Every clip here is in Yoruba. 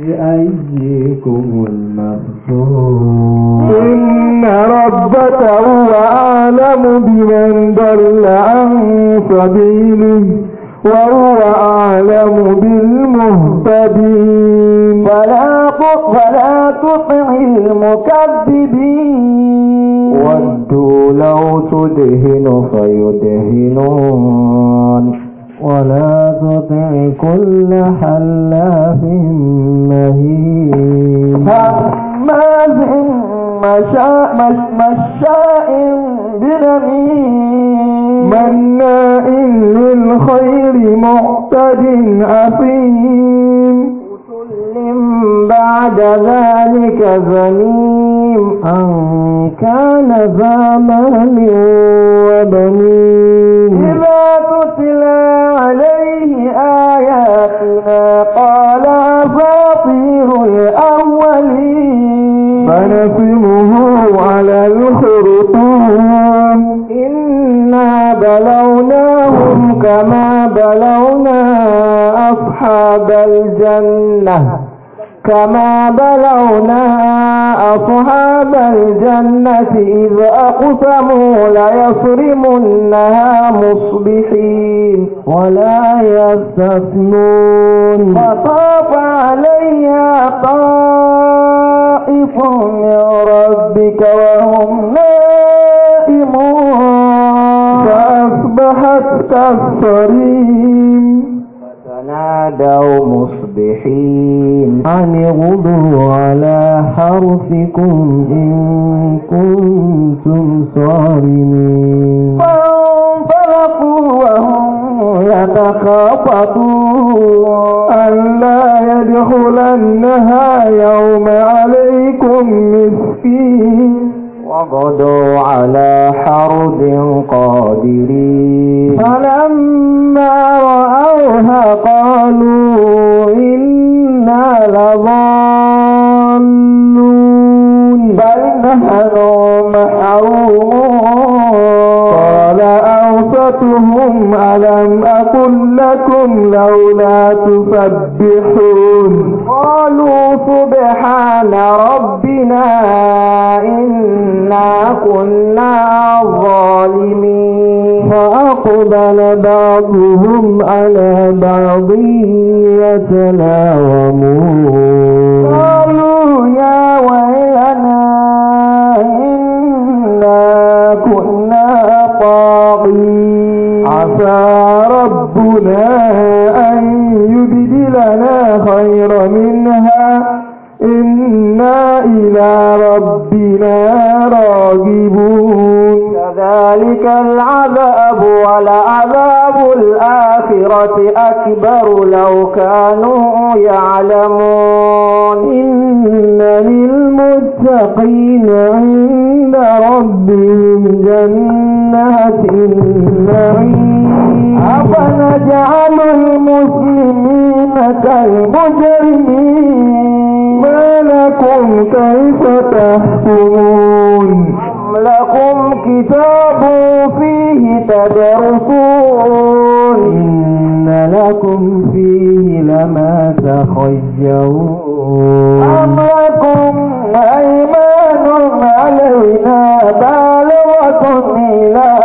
بأيكم المبسوط إن ربك هو أعلم بمن ضل عن سبيله وهو أعلم بالمهتدين فلا فلا تطع المكذبين ودوا لو تدهن فيدهنون ولا تطع كل حلاف مهين هماز مشاء مشاء بنميم مناء للخير معتد أثيم بعد ذلك زنيم أن كان ذا مال وبنين تتلى عليه آياتنا قال أساطير الأولين فنسمه على الخرطوم إنا بلوناهم كما بلونا أصحاب الجنة كما بلونا أصحاب الجنة إذ أقسموا ليصرمنها مصبحين ولا يستثنون فطاف عليها طائف من ربك وهم نائمون فأصبحت كالصريم فتنادوا مصبحين أن اغدوا على حرفكم إن كنتم صارمين فانطلقوا وهم يتخافتون ألا يدخلنها يوم عليكم مسكين وغدوا على حرد قادرين فلما رأوها قالوا إنا لظالمون بل نحن محرومون مَسَّتْهُمْ أَلَمْ أَقُلْ لَكُمْ لَوْلَا تُسَبِّحُونَ قَالُوا سُبْحَانَ رَبِّنَا إِنَّا كُنَّا ظَالِمِينَ فَأَقْبَلَ بَعْضُهُمْ عَلَى بَعْضٍ يَتَلَاوَمُونَ ربنا أن يبدلنا خيرا منها إنا إلى ربنا راغبون كذلك العذاب ولعذاب الآخرة أكبر لو كانوا يعلمون إن للمتقين عند ربهم جنات النعيم أفنجعل المسلمين كالمجرمين ما لكم كيف تحكمون لكم كتاب فيه تدرسون إن لكم فيه لما تخيرون أم لكم أيمان علينا بالغة إلى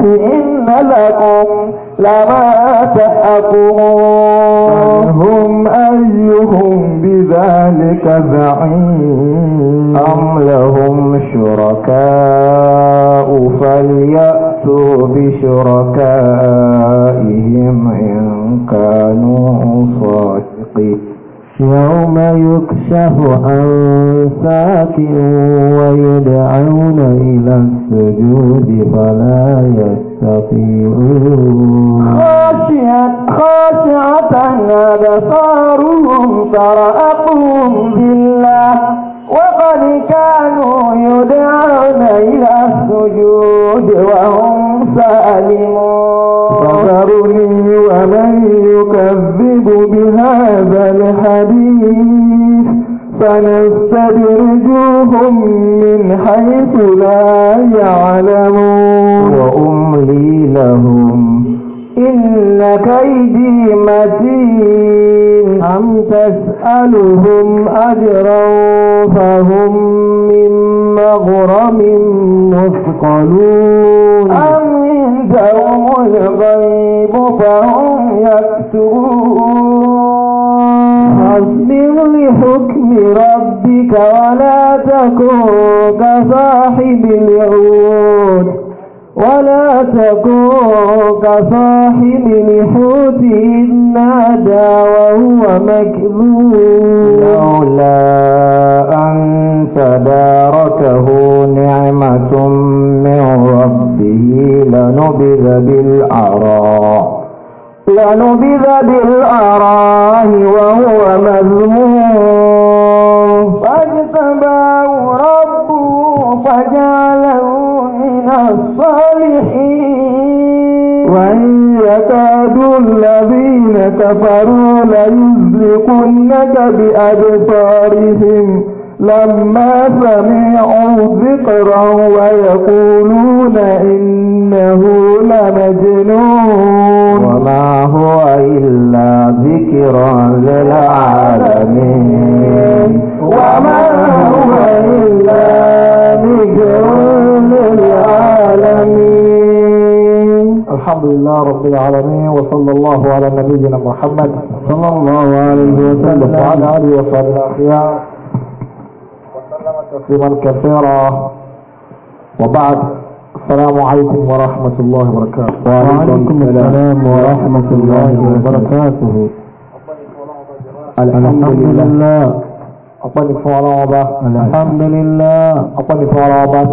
إن لكم لما تحكمون هم أيهم بذلك زعيم أم لهم شركاء فليأتوا بشركائهم إن كانوا صادقين يوم يكشف عن ساك ويدعون إلى السجود فلا يستطيعون خاشعة خاشعة أبصارهم فرأقهم بالله وقد كانوا يدعون إلى السجود وهم سالمون فذرني ومن يكذب سنستدرجوهم من حيث لا يعلمون وأملي لهم إن كيدي متين أم تسألهم أجرا فهم من مغرم مثقلون أم عندهم الغيب فهم يكتبون بك ولا تكن كصاحب اليهود ولا تكن كصاحب الحوت إذ نادى وهو مكذوب لولا أن تداركه نعمة من ربه لنبذ بالعراء لنبذ بالعراء وهو مذموم فاجتباه ربه فجعله من الصالحين وإن يكاد الذين كفروا ليزلقنك بأبصارهم لما سمعوا ذكرا ويقولون إنه لمجنون وما هو إلا ذكر للعالمين وما هو إلا ذكر للعالمين الحمد لله رب العالمين وصلى الله على نبينا محمد صلى الله عليه وسلم وعلى آله وصحبه أجمعين وسلم تسليما كثيرا وبعد السلام عليكم ورحمة الله وبركاته وعليكم السلام ورحمة الله وبركاته الحمد لله أقبل فراغة الحمد لله أقبل فراغة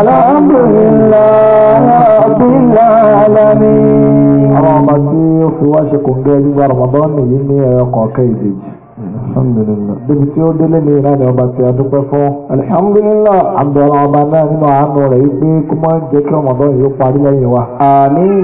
الحمد لله رب العالمين رمضان في واشك قاعد رمضان اللي هي قاكيدج alhamdulillah bíbi tí ó délé ní ìlànà ọba tí a dúpẹ́ fún alhamdulillah abdullah ọba náà nínú àánú rẹ̀ yìí pé kó má jẹ́ kí ọmọdé yìí ó parí lẹ́yìn wa àmín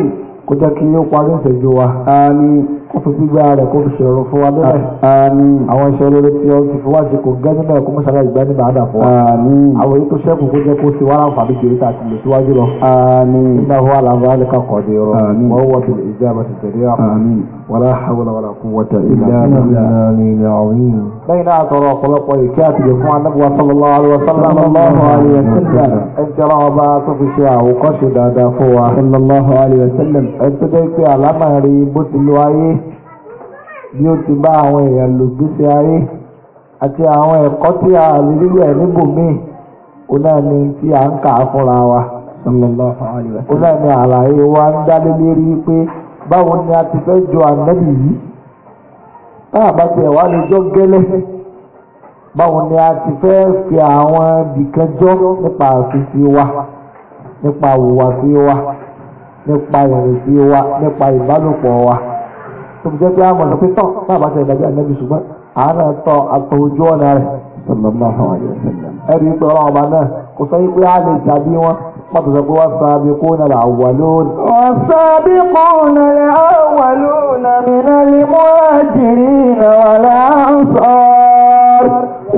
kó jẹ́ kí yóò parí ìṣẹ́jú wa àmín kó fi gbígbá rẹ̀ kó fi ṣèrọ̀rọ̀ fún wa lọ́dọ̀ àmín àwọn iṣẹ́ olóore tí ó ti fi wá sí kò gẹ́ nínú ẹ̀kọ́ mọ́ṣálá ìgbà nínú àdà fún wa àmín àwọn tó ṣẹ́kù kó jẹ́ kó ti wá láǹfà jèrè tà ti lè síwájú lọ àmín nígbà fún wa lè kà kọ́dé rọ wọ́n wọ́n ti lè jẹ́ àbàtì tẹ̀lé àmín wàlá hawla wàlá quwwata illa billahi lẹ́yìn náà tọrọ ọ̀pọ̀lọpọ̀ ìkẹ́ àtìlẹ̀ fún anábùwà sallallahu alaihi wa sallam sallallahu alaihi wa sallam ẹjọ́ ọlọ́wọ́ bá tó fi ṣe àwòkọ́ṣe dáadáa fún wa sallallahu alaihi wa sallam ẹjọ́ jẹ́ pé àlámà rí bó ti lo ayé bí ó ti bá àwọn èèyàn lò gbèsè ayé àti àwọn ẹ̀kọ́ tí a lè ẹ̀ níbòmíì ni tí a ń kà á fúnra wa náà ni àlàyé wa ń dálé lérí pé báwo ni a ti fẹ́ jọ ànábì yìí bá lè jọ a ti fẹ́ fi àwọn nípa wa nípa àwùwàsí wa nípa ìrìnsí wa nípa ìbálòpọ̀ wa. tó fi jẹ́ pé tak lọ pé tán bá bá tẹ̀ ìdájọ́ ànábì ṣùgbọ́n àánà tọ́ àtọ̀ ojú ọ̀nà rẹ̀ ẹ̀rí pé ọlọ́run ọba náà kò sọ pé a lè tàbí wọn pàtó sọ pé wọ́n sábẹ́ kó nà lè àwọ̀ lónìí. wọ́n sábẹ́ kó nà lè àwọ̀ lónìí mìíràn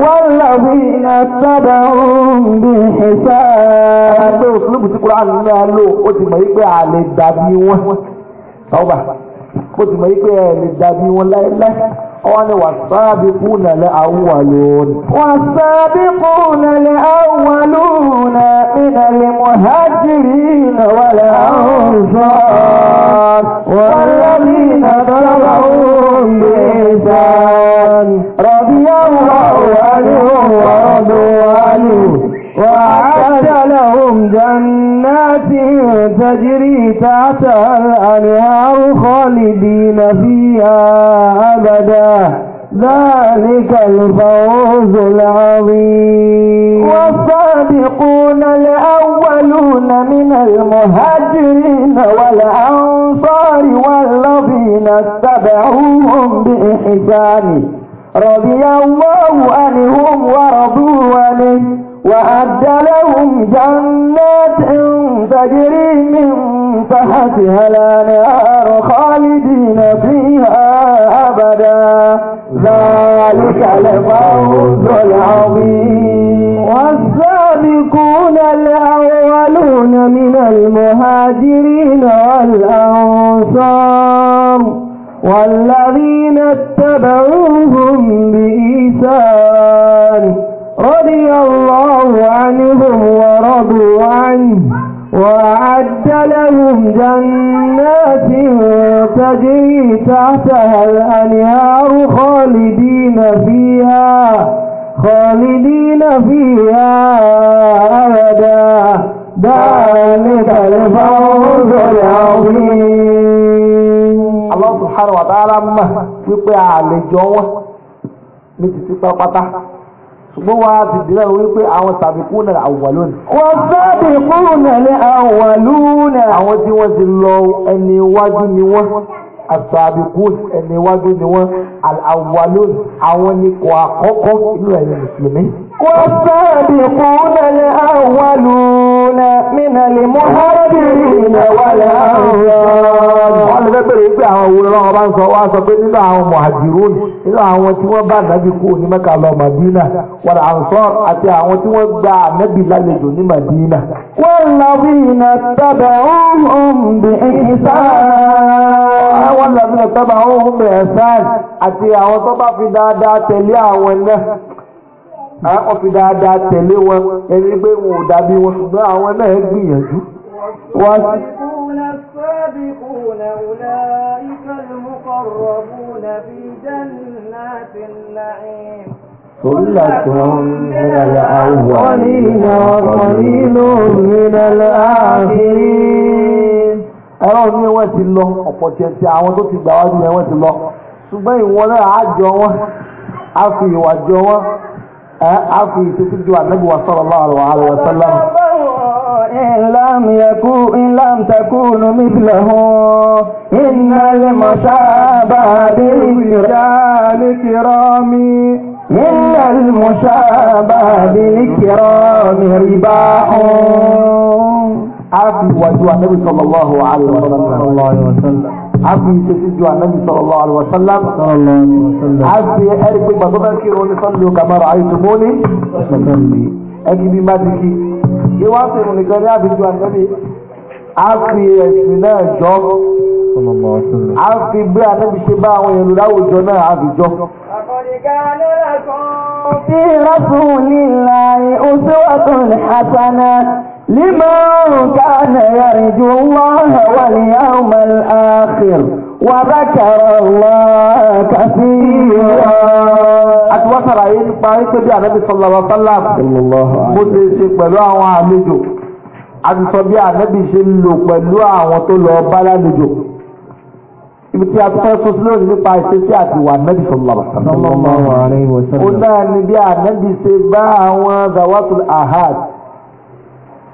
والذين اتبعوهم بحساب ẹgbẹ́ òṣèlú tí kúrò àlùmọ́ lò ó ti mọ̀ yí pé ó ti mọ̀ yí pé ẹ lè dàbí wọn láéláé wọ́n ní wàsáàbí kúnà lẹ́ àwùwàlóòn. wàsáàbí kúnà lẹ́ àwùwàlóòn àpínà lè mọ̀hájìrì wàlẹ̀ àwùjọ wàlẹ́bí nàdọ́lọ́wọ́ òmìnira wà àlùwàlù wàlù wàlù. لهم جنات تجري تحتها الأنهار خالدين فيها أبدا ذلك الفوز العظيم والصادقون الأولون من المهاجرين والأنصار والذين اتبعوهم بإحسان رضي الله عنهم ورضوا عنه وأعد لهم جنات تجري من تحتها الأنهار خالدين فيها أبدا ذلك الفوز العظيم والسابقون الأولون من المهاجرين والأنصار والذين اتبعوهم بإيثار رضي الله عنهم ورضوا عنه وأعد لهم جنات تجري تحتها الأنهار خالدين فيها خالدين فيها أبدا ذلك الفوز العظيم الله سبحانه وتعالى ما يقع لجوه نتسيطة ṣùgbọ́n wá ti dìrẹ́ wípé àwọn sàbíkúnà àwàlónì. wọ́n sàbíkúnà ní àwàlónì. àwọn tí wọ́n ti lọ ẹni iwájú ni wọ́n àsàbíkún ẹni iwájú ni wọ́n àwàlónì àwọn ni kò àkọ́kọ́ nínú ẹ̀yìn mùsùlùmí. والسابقون الأولون من المهاجرين والأنصار wọ́n lè bẹ̀rẹ̀ pé àwọn òwúrọ̀ lọ́wọ́ bá ń sọ wá sọ pé nínú àwọn mọ̀hàjìrún nínú àwọn tí wọ́n bá nàbí ní mẹ́ka lọ màdínà wọ́n là ń sọ àti àwọn tí wọ́n gba lálejò ní màdínà. wọ́n lọ bí iná tábà ọ̀hún bí ẹ̀sán. lọ bí iná tábà ọ̀hún bí ẹ̀sán àti àwọn tó bá àwọn fi dáadáa tẹ̀lé wọn ẹni pé wọn ò dàbí wọn ṣùgbọ́n àwọn náà gbìyànjú. wọ́n ti. السابقون أولئك المقربون في جنات النعيم ثلة من الأولين وقليل من الآخرين ẹ̀rọ ní wọ́n ti lọ ọ̀pọ̀ tiẹ̀ àwọn tó ti gbà wájú yẹn ti lọ ṣùgbọ́n ìwọ náà á jọ wọ́n á fi ìwà jọ wọ́n عفوا تسجوا على النبي صلى الله عليه وسلم إن لم يكون إن لم تكونوا مثله إن المشابه بالرجال كرام إن المشابه بالكرام رباح عفوا وجوا النبي صلى الله عليه وسلم àfi ìṣesíjú ànábì sallallahu alaihi wasallam àfi ẹ̀rí pé gbàgbọ́ bá kírun ní sọ́ọ̀lù kàmárà àìsùmọ́ni ẹ̀kí bí má ti kí ìwà sèrò nìkan ní àbíjú ànábì àfi ẹ̀sìn náà jọ àfi bí ànábì ṣe bá àwọn èrò láwùjọ náà àbíjọ. في رسول الله أسوة حسنة لمن كان يرجو الله واليوم الآخر وذكر الله كثيرا Àtiwọ́sára yìí nípa ẹgbẹ́ bí ànábì sọ̀lọ̀rọ̀ sọ́lá bó ṣe ṣe pẹ̀lú àwọn àlejò. A ti sọ bí ànábì ṣe ń lò pẹ̀lú àwọn tó lọ bá lálejò. Ibi tí a ti fẹ́ sọ sílẹ̀ nípa ìṣesí àti ìwà ànábì sọ̀lọ̀rọ̀ sọ́lá. Ó náà ni bí ànábì ṣe bá àwọn Zawatul Ahad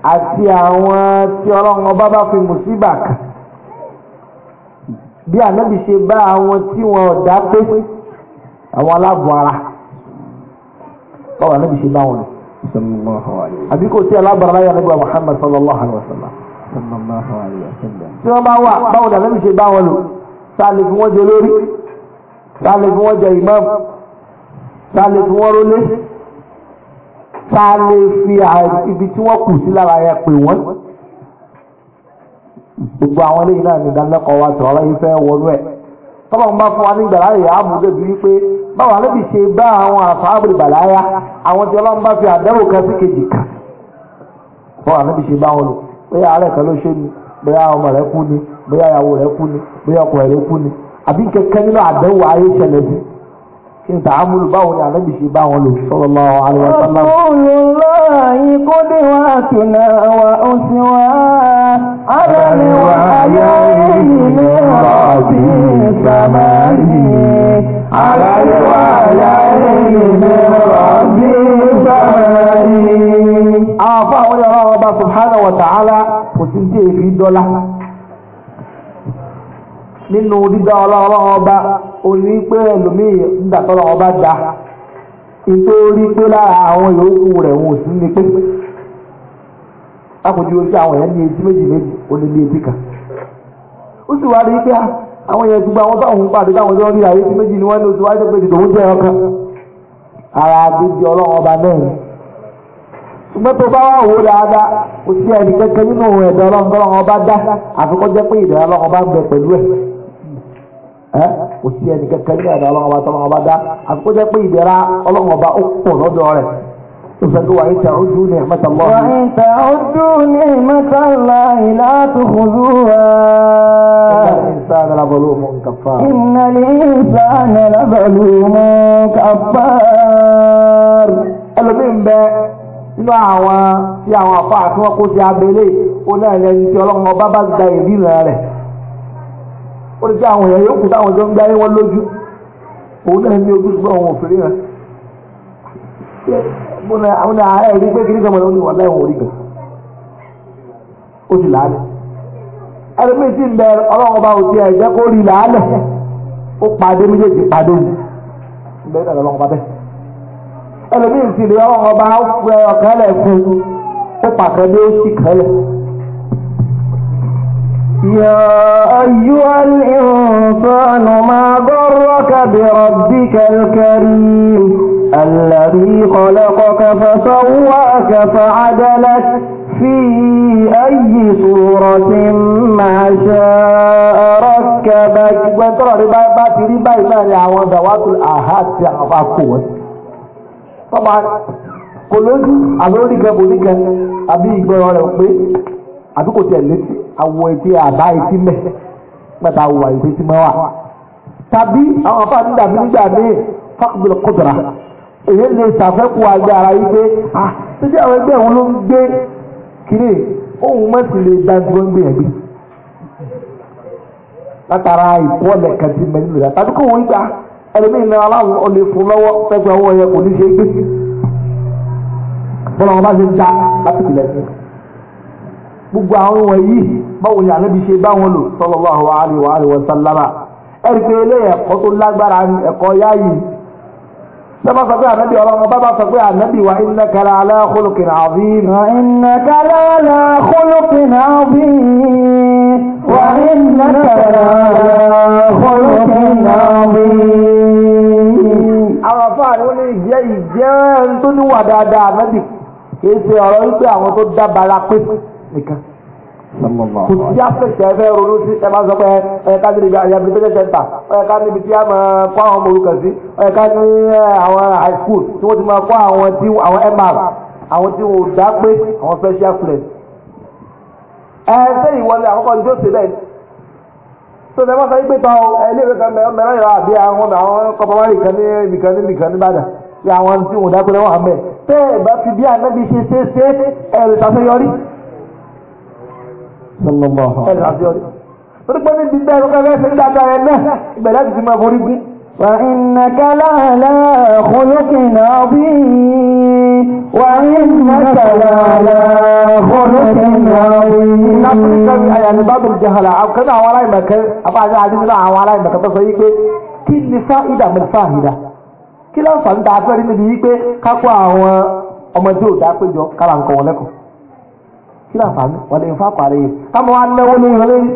àti àwọn tí ọlọ́run ọba bá fi mùsíbà kà bí ànábì ṣe bá àwọn tí wọn ọ̀dà pé àwọn aláàbọ̀ ara báwo ànábì ṣe bá wọn àbí kò sí aláàbọ̀ ara nígbà Muhammad sallallahu alaihi wa sallam tí wọ́n bá wà báwo ni ànábì ṣe bá wọn lò sáà lè fi jẹ lórí sáà lè fi jẹ ìmáàmù sáà lè fi rólé ta lè fi ibi tí wọ́n kù sí lára yẹn pè wọ́n. gbogbo àwọn eléyìí náà ní ìdánilẹ́kọ̀ọ́ wa sọ̀rọ̀ yìí fẹ́ wọnú ẹ̀. tọ́lọ̀ ń bá fún wa ní ìgbàlá rẹ̀ yàá mú débi wípé báwo alẹ́ bí ṣe bá àwọn àfáàbò ìbàláyà àwọn tí ọlọ́run bá fi àdẹ́wò kan sí kejì kan. báwo alẹ́ bí ṣe bá wọn lò bóyá alẹ́ kan ló ṣe ni bóyá ọmọ rẹ̀ kú ni bóyá ìyàwó rẹ̀ kú ni bóyá ọkọ rẹ̀ kú ni àbí kẹ̀kẹ́ nínú àdẹ́wò ayé ṣẹlẹ̀ sí kí n tààmúlù báwo ni àlẹ́ bìí ṣe bá wọn lò sallallahu alaihi wasallam. Rasulullahi qudwatuna wa uswa adami wa ayáyí ní rọ̀bì sàmárì. orí pé ẹlòmíì nígbà tọ́lọ́ ọba daa. nítorí pé lára àwọn yòókù rẹ̀ wọn ò sí ní pé lápòjú ojú àwọn èèyàn ní etí méjì méjì ó lé ní etí kan ó sì wá rí pé àwọn èèyàn gbogbo àwọn pàdé táwọn jọ rí etí méjì ni wọ́n ní oṣù wáyé tó pé ọkàn ara àgbèjì ọlọ́run ọba náà ni ṣùgbọ́n tó bá wà wò dáadáa kò sí ẹnì kẹ́kẹ́ nínú ọlọ́run ọba kò sí ẹnì kankan ní ẹ̀dá ọlọ́run ọba tọ́lọ́run ọba dá àfikún jẹ́ pé ìdẹ̀ra ọlọ́run ọba ó pọ̀ lọ́dọ̀ rẹ̀ ìfẹ̀kọ́ wà ìta ojú ní ẹ̀mẹ́ta lọ́wọ́. wà ìta ojú ní ẹ̀mẹ́ta ńlá ìlà tó fojú wa. ìnáni lábọ̀lú mú kàfà. ìnáni ìsáni lábọ̀lú mú kàfà. ẹlòmíì ń bẹ nínú àwọn tí àwọn àfáà tí wọ́n kó sí abẹ́lé ó náà lẹ́yìn tí ọlọ́run bá gba ìdí rẹ̀ ó lè jẹ́ àwọn èèyàn yòókù táwọn jọ ń gbé ayé wọn lójú òun náà ní ojú ṣùgbọ́n àwọn òfin rẹ̀ àwọn ààrẹ rí pé kiri sọmọdé ní wàhálà ìwọ̀n orí kan ó ti làálẹ̀ ẹlẹ́mìí sì ń bẹ ọlọ́run ọba òsì ẹ̀jẹ̀ kó rí làálẹ̀ ó pàdé méjèèjì pàdé òun bẹ́ẹ̀ náà lọ́wọ́ ọba bẹ́ẹ̀ ẹlẹ́mìí sì rí ọlọ́run ọba ó fẹ́ ó pàkẹ́ bí ó sì kẹ́lẹ̀. يا أيها الإنسان ما ضرك بربك الكريم الذي خلقك فسواك فعدلك في أي صورة ما شاء ركبك وترى ربا باتي ربا إيمان عوان ذوات الآهات تعفى قوة طبعا kò lójú àlóríkẹ bòríkẹ àbí ìgbẹ́rọ rẹ̀ pé àdúkò tẹ̀ létí awọ etí àbá etí mẹ́ pẹ́ta awọ etí tí mẹ́wà tàbí àwọn afá nígbà mí nígbà mí fákùbìl kùdùrà èyí lè ṣàfẹ́kù agbára yìí pé ah títí àwọn ẹgbẹ́ òun ló ń gbé kiri ohun mẹ́sì lè dá dúró ń gbìyànjú látara ìpọ́lẹ̀ kẹntì mẹ́rin rẹ̀ tàbí kò wọ́n gbà ẹlòmíín náà aláwọ̀ ọ̀lẹ̀ fún lọ́wọ́ pẹ́gbẹ́ owó yẹ kò ní ṣe gbé bọ́lá wọn bá ṣe ń ta láti ìlẹ̀ sí i gbogbo àwọn wọ̀nyí báwo ni ànábi ṣe bá wọn lò sallallahu alaihi wa alihi wa sallama ẹ̀rí pé eléyìí ẹ̀kọ́ tó lágbára ni ẹ̀kọ́ yáyì sábà sọ pé ànábì ọlọ́run bábà sọ pé ànábì wa innaka la ala khuluqin azim. wa innaka la ala khuluqin azim. wa innaka àwọn afáàní ó ní ìjẹ́ ìjẹ́ tó níwà dáadáa ànábì kì í ṣe ọ̀rọ̀ wípé àwọn tó dábàá la pé nìkan kò sí afẹ́kẹ́ fẹ́ ronú sí ẹ máa sọ pé ẹ̀ka níbi rehabilitation center ẹ̀ka níbi tí a máa kó àwọn ọmọ orúkọ sí ẹ̀ka ní àwọn high school tí wọ́n ti máa kó àwọn tí àwọn mr àwọn tí wọ́n dá pé àwọn special students. ẹ ṣé ìwọlé àkọ́kọ́ ní tó ṣe bẹ́ẹ̀ tó ṣe wọ́n sọ pé tọ́ iléèwé kan mẹ́rin ìlà àbí àwọn àwọn kọ́pọ́mọ́rì kan ní ibìkan ní ibìkan ní Ìbàdàn tí àwọn tí wọ́n dá pé wọ́n hàn mẹ́ẹ̀ tẹ́ ẹ̀ ẹ̀rọ àbíọ́rí. torí pé níbi tẹ́ ẹ̀rọ kẹfẹ́ ṣe dáadáa ẹ̀ náà ìbẹ̀rẹ̀ ti fi máa forí gbé. وإنك لعلى خلق عظيم وإنك لعلى خلق عظيم يعني بعض الجهلاء أو كذا ولا يمكن أبعد عدنا ولا يمكن تصيب kí ni fáìdà mi fáìdà kí láǹfààní dáa fẹ́ẹ́ rí níbi yí pé ká kó àwọn ọmọdé ò dáa péjọ kí náà fàánù wọ́n lè fa pàrí yìí káwọn wá náwó ní ìhàn lórí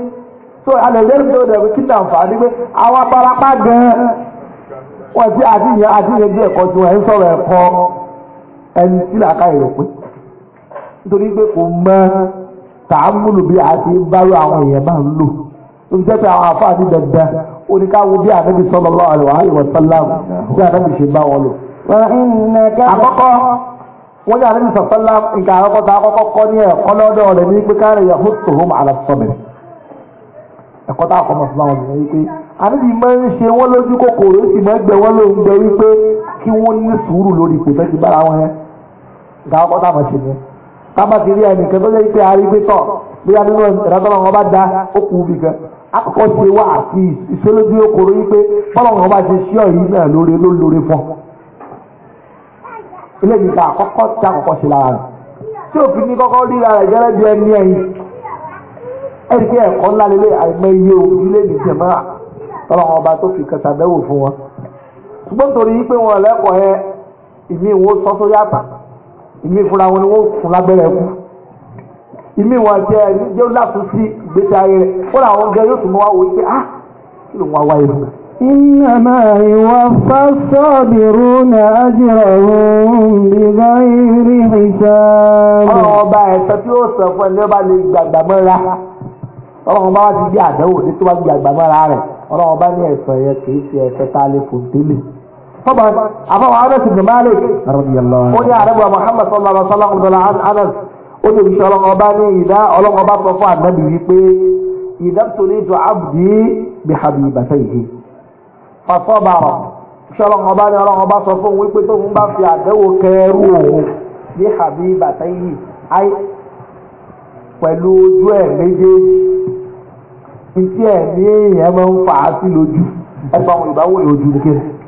so alẹ́ lẹ́rù tó dẹ̀ kí náà fàánù pé àwọn abarapá gan-an wọ́n ti àdìyàn àdìyàn bí ẹ̀kọ́ tí wọ́n ń sọ̀rọ̀ ẹ̀kọ́ ẹni tí làákà èrò pé nítorí pé kò mọ tààmúlù bí a ti bárò àwọn èèyàn máa ń lò ó fi jẹ́ àwọn àfáà ní dandan oníkáwo bí ànábì sallallahu alaihi wa sallam bí ànábì ṣe bá wọn lò. àkọ́kọ́ wọ́n ní àlẹ́ nìsọ̀ sọ́lá nǹkan àkọ́kọ́ tá àkọ́kọ́ kọ́ ní ẹ̀kọ́ lọ́dọ̀ rẹ̀ ní pé káàrẹ̀ yà hó tó hóm àlàsọ̀bẹ̀ ẹ̀kọ́ tá àkọ́mọ̀ fún àwọn ènìyàn wípé àníbi máa ń ṣe wọ́n lójú kòkòrò sì máa ń gbẹ wọ́n ló ń wípé kí wọ́n ní sùúrù lórí ìpè ti bára wọn yẹn nǹkan àkọ́kọ́ tá ṣe ni tá ti rí ẹnìkan tó lé pé arígbétọ̀ bí a bí kan àkọ́kọ́ ilé ìgbà àkọ́kọ́ tí àkọ́kọ́ ṣe lára rẹ̀ tí òfin ní kọ́kọ́ rí ara ìjẹ́rẹ́ bí ẹni ẹ̀yìn ẹni pé ẹ̀kọ́ ńlá lélẹ̀ àìmọ̀ iye òbílẹ̀ ní jẹ̀mọ́ra tọ́lọ́wọ́n ọba tó fi kẹsà dẹ́wò fún wọn ṣùgbọ́n torí pé wọn lẹ́kọ̀ọ́ yẹn ìmí wọn sọ sórí àtà ìmí fúnra wọn ni wọn fún lábẹ́rẹ́ kú ìmí wọn jẹ́ ẹni jẹ́ láfún sí ìgbésí ayé rẹ̀ fúnra wọn gẹ yóò tún mọ́ wá wò ah kí إنما يوفى الصابرون أجرهم بغير حساب ọba ẹ̀sọ́ tí ó sọ fún ẹni ọba lè gbàgbà mọ́ra ọlọ́run bá wá ti jẹ́ àdánwò ní tó bá gbàgbà mọ́ra rẹ̀ ọlọ́run bá ní ẹ̀sọ́ yẹn kì í ṣe ẹ̀sọ́ tá a lè fò délé. طبعا أبو أنس بن مالك رضي الله عنه قل يا رب محمد صلى الله عليه وسلم عن أنس قل إن شاء الله أباني إذا ألغى بعض رفع النبي يقول إذا ابتليت عبدي بحبيبتيه ọ̀sọ́bàrọ̀ ṣọlọ́n ọba ní ọlọ́run sọ fún wípé tó ń bá fi àdẹ́wò kẹrù òun ní àbí bàtà yìí ayé pẹ̀lú ojú ẹ̀ méjèèjì ìtí ẹ̀ ní èèyàn máa ń fà á sí lójú àwọn ìbáwò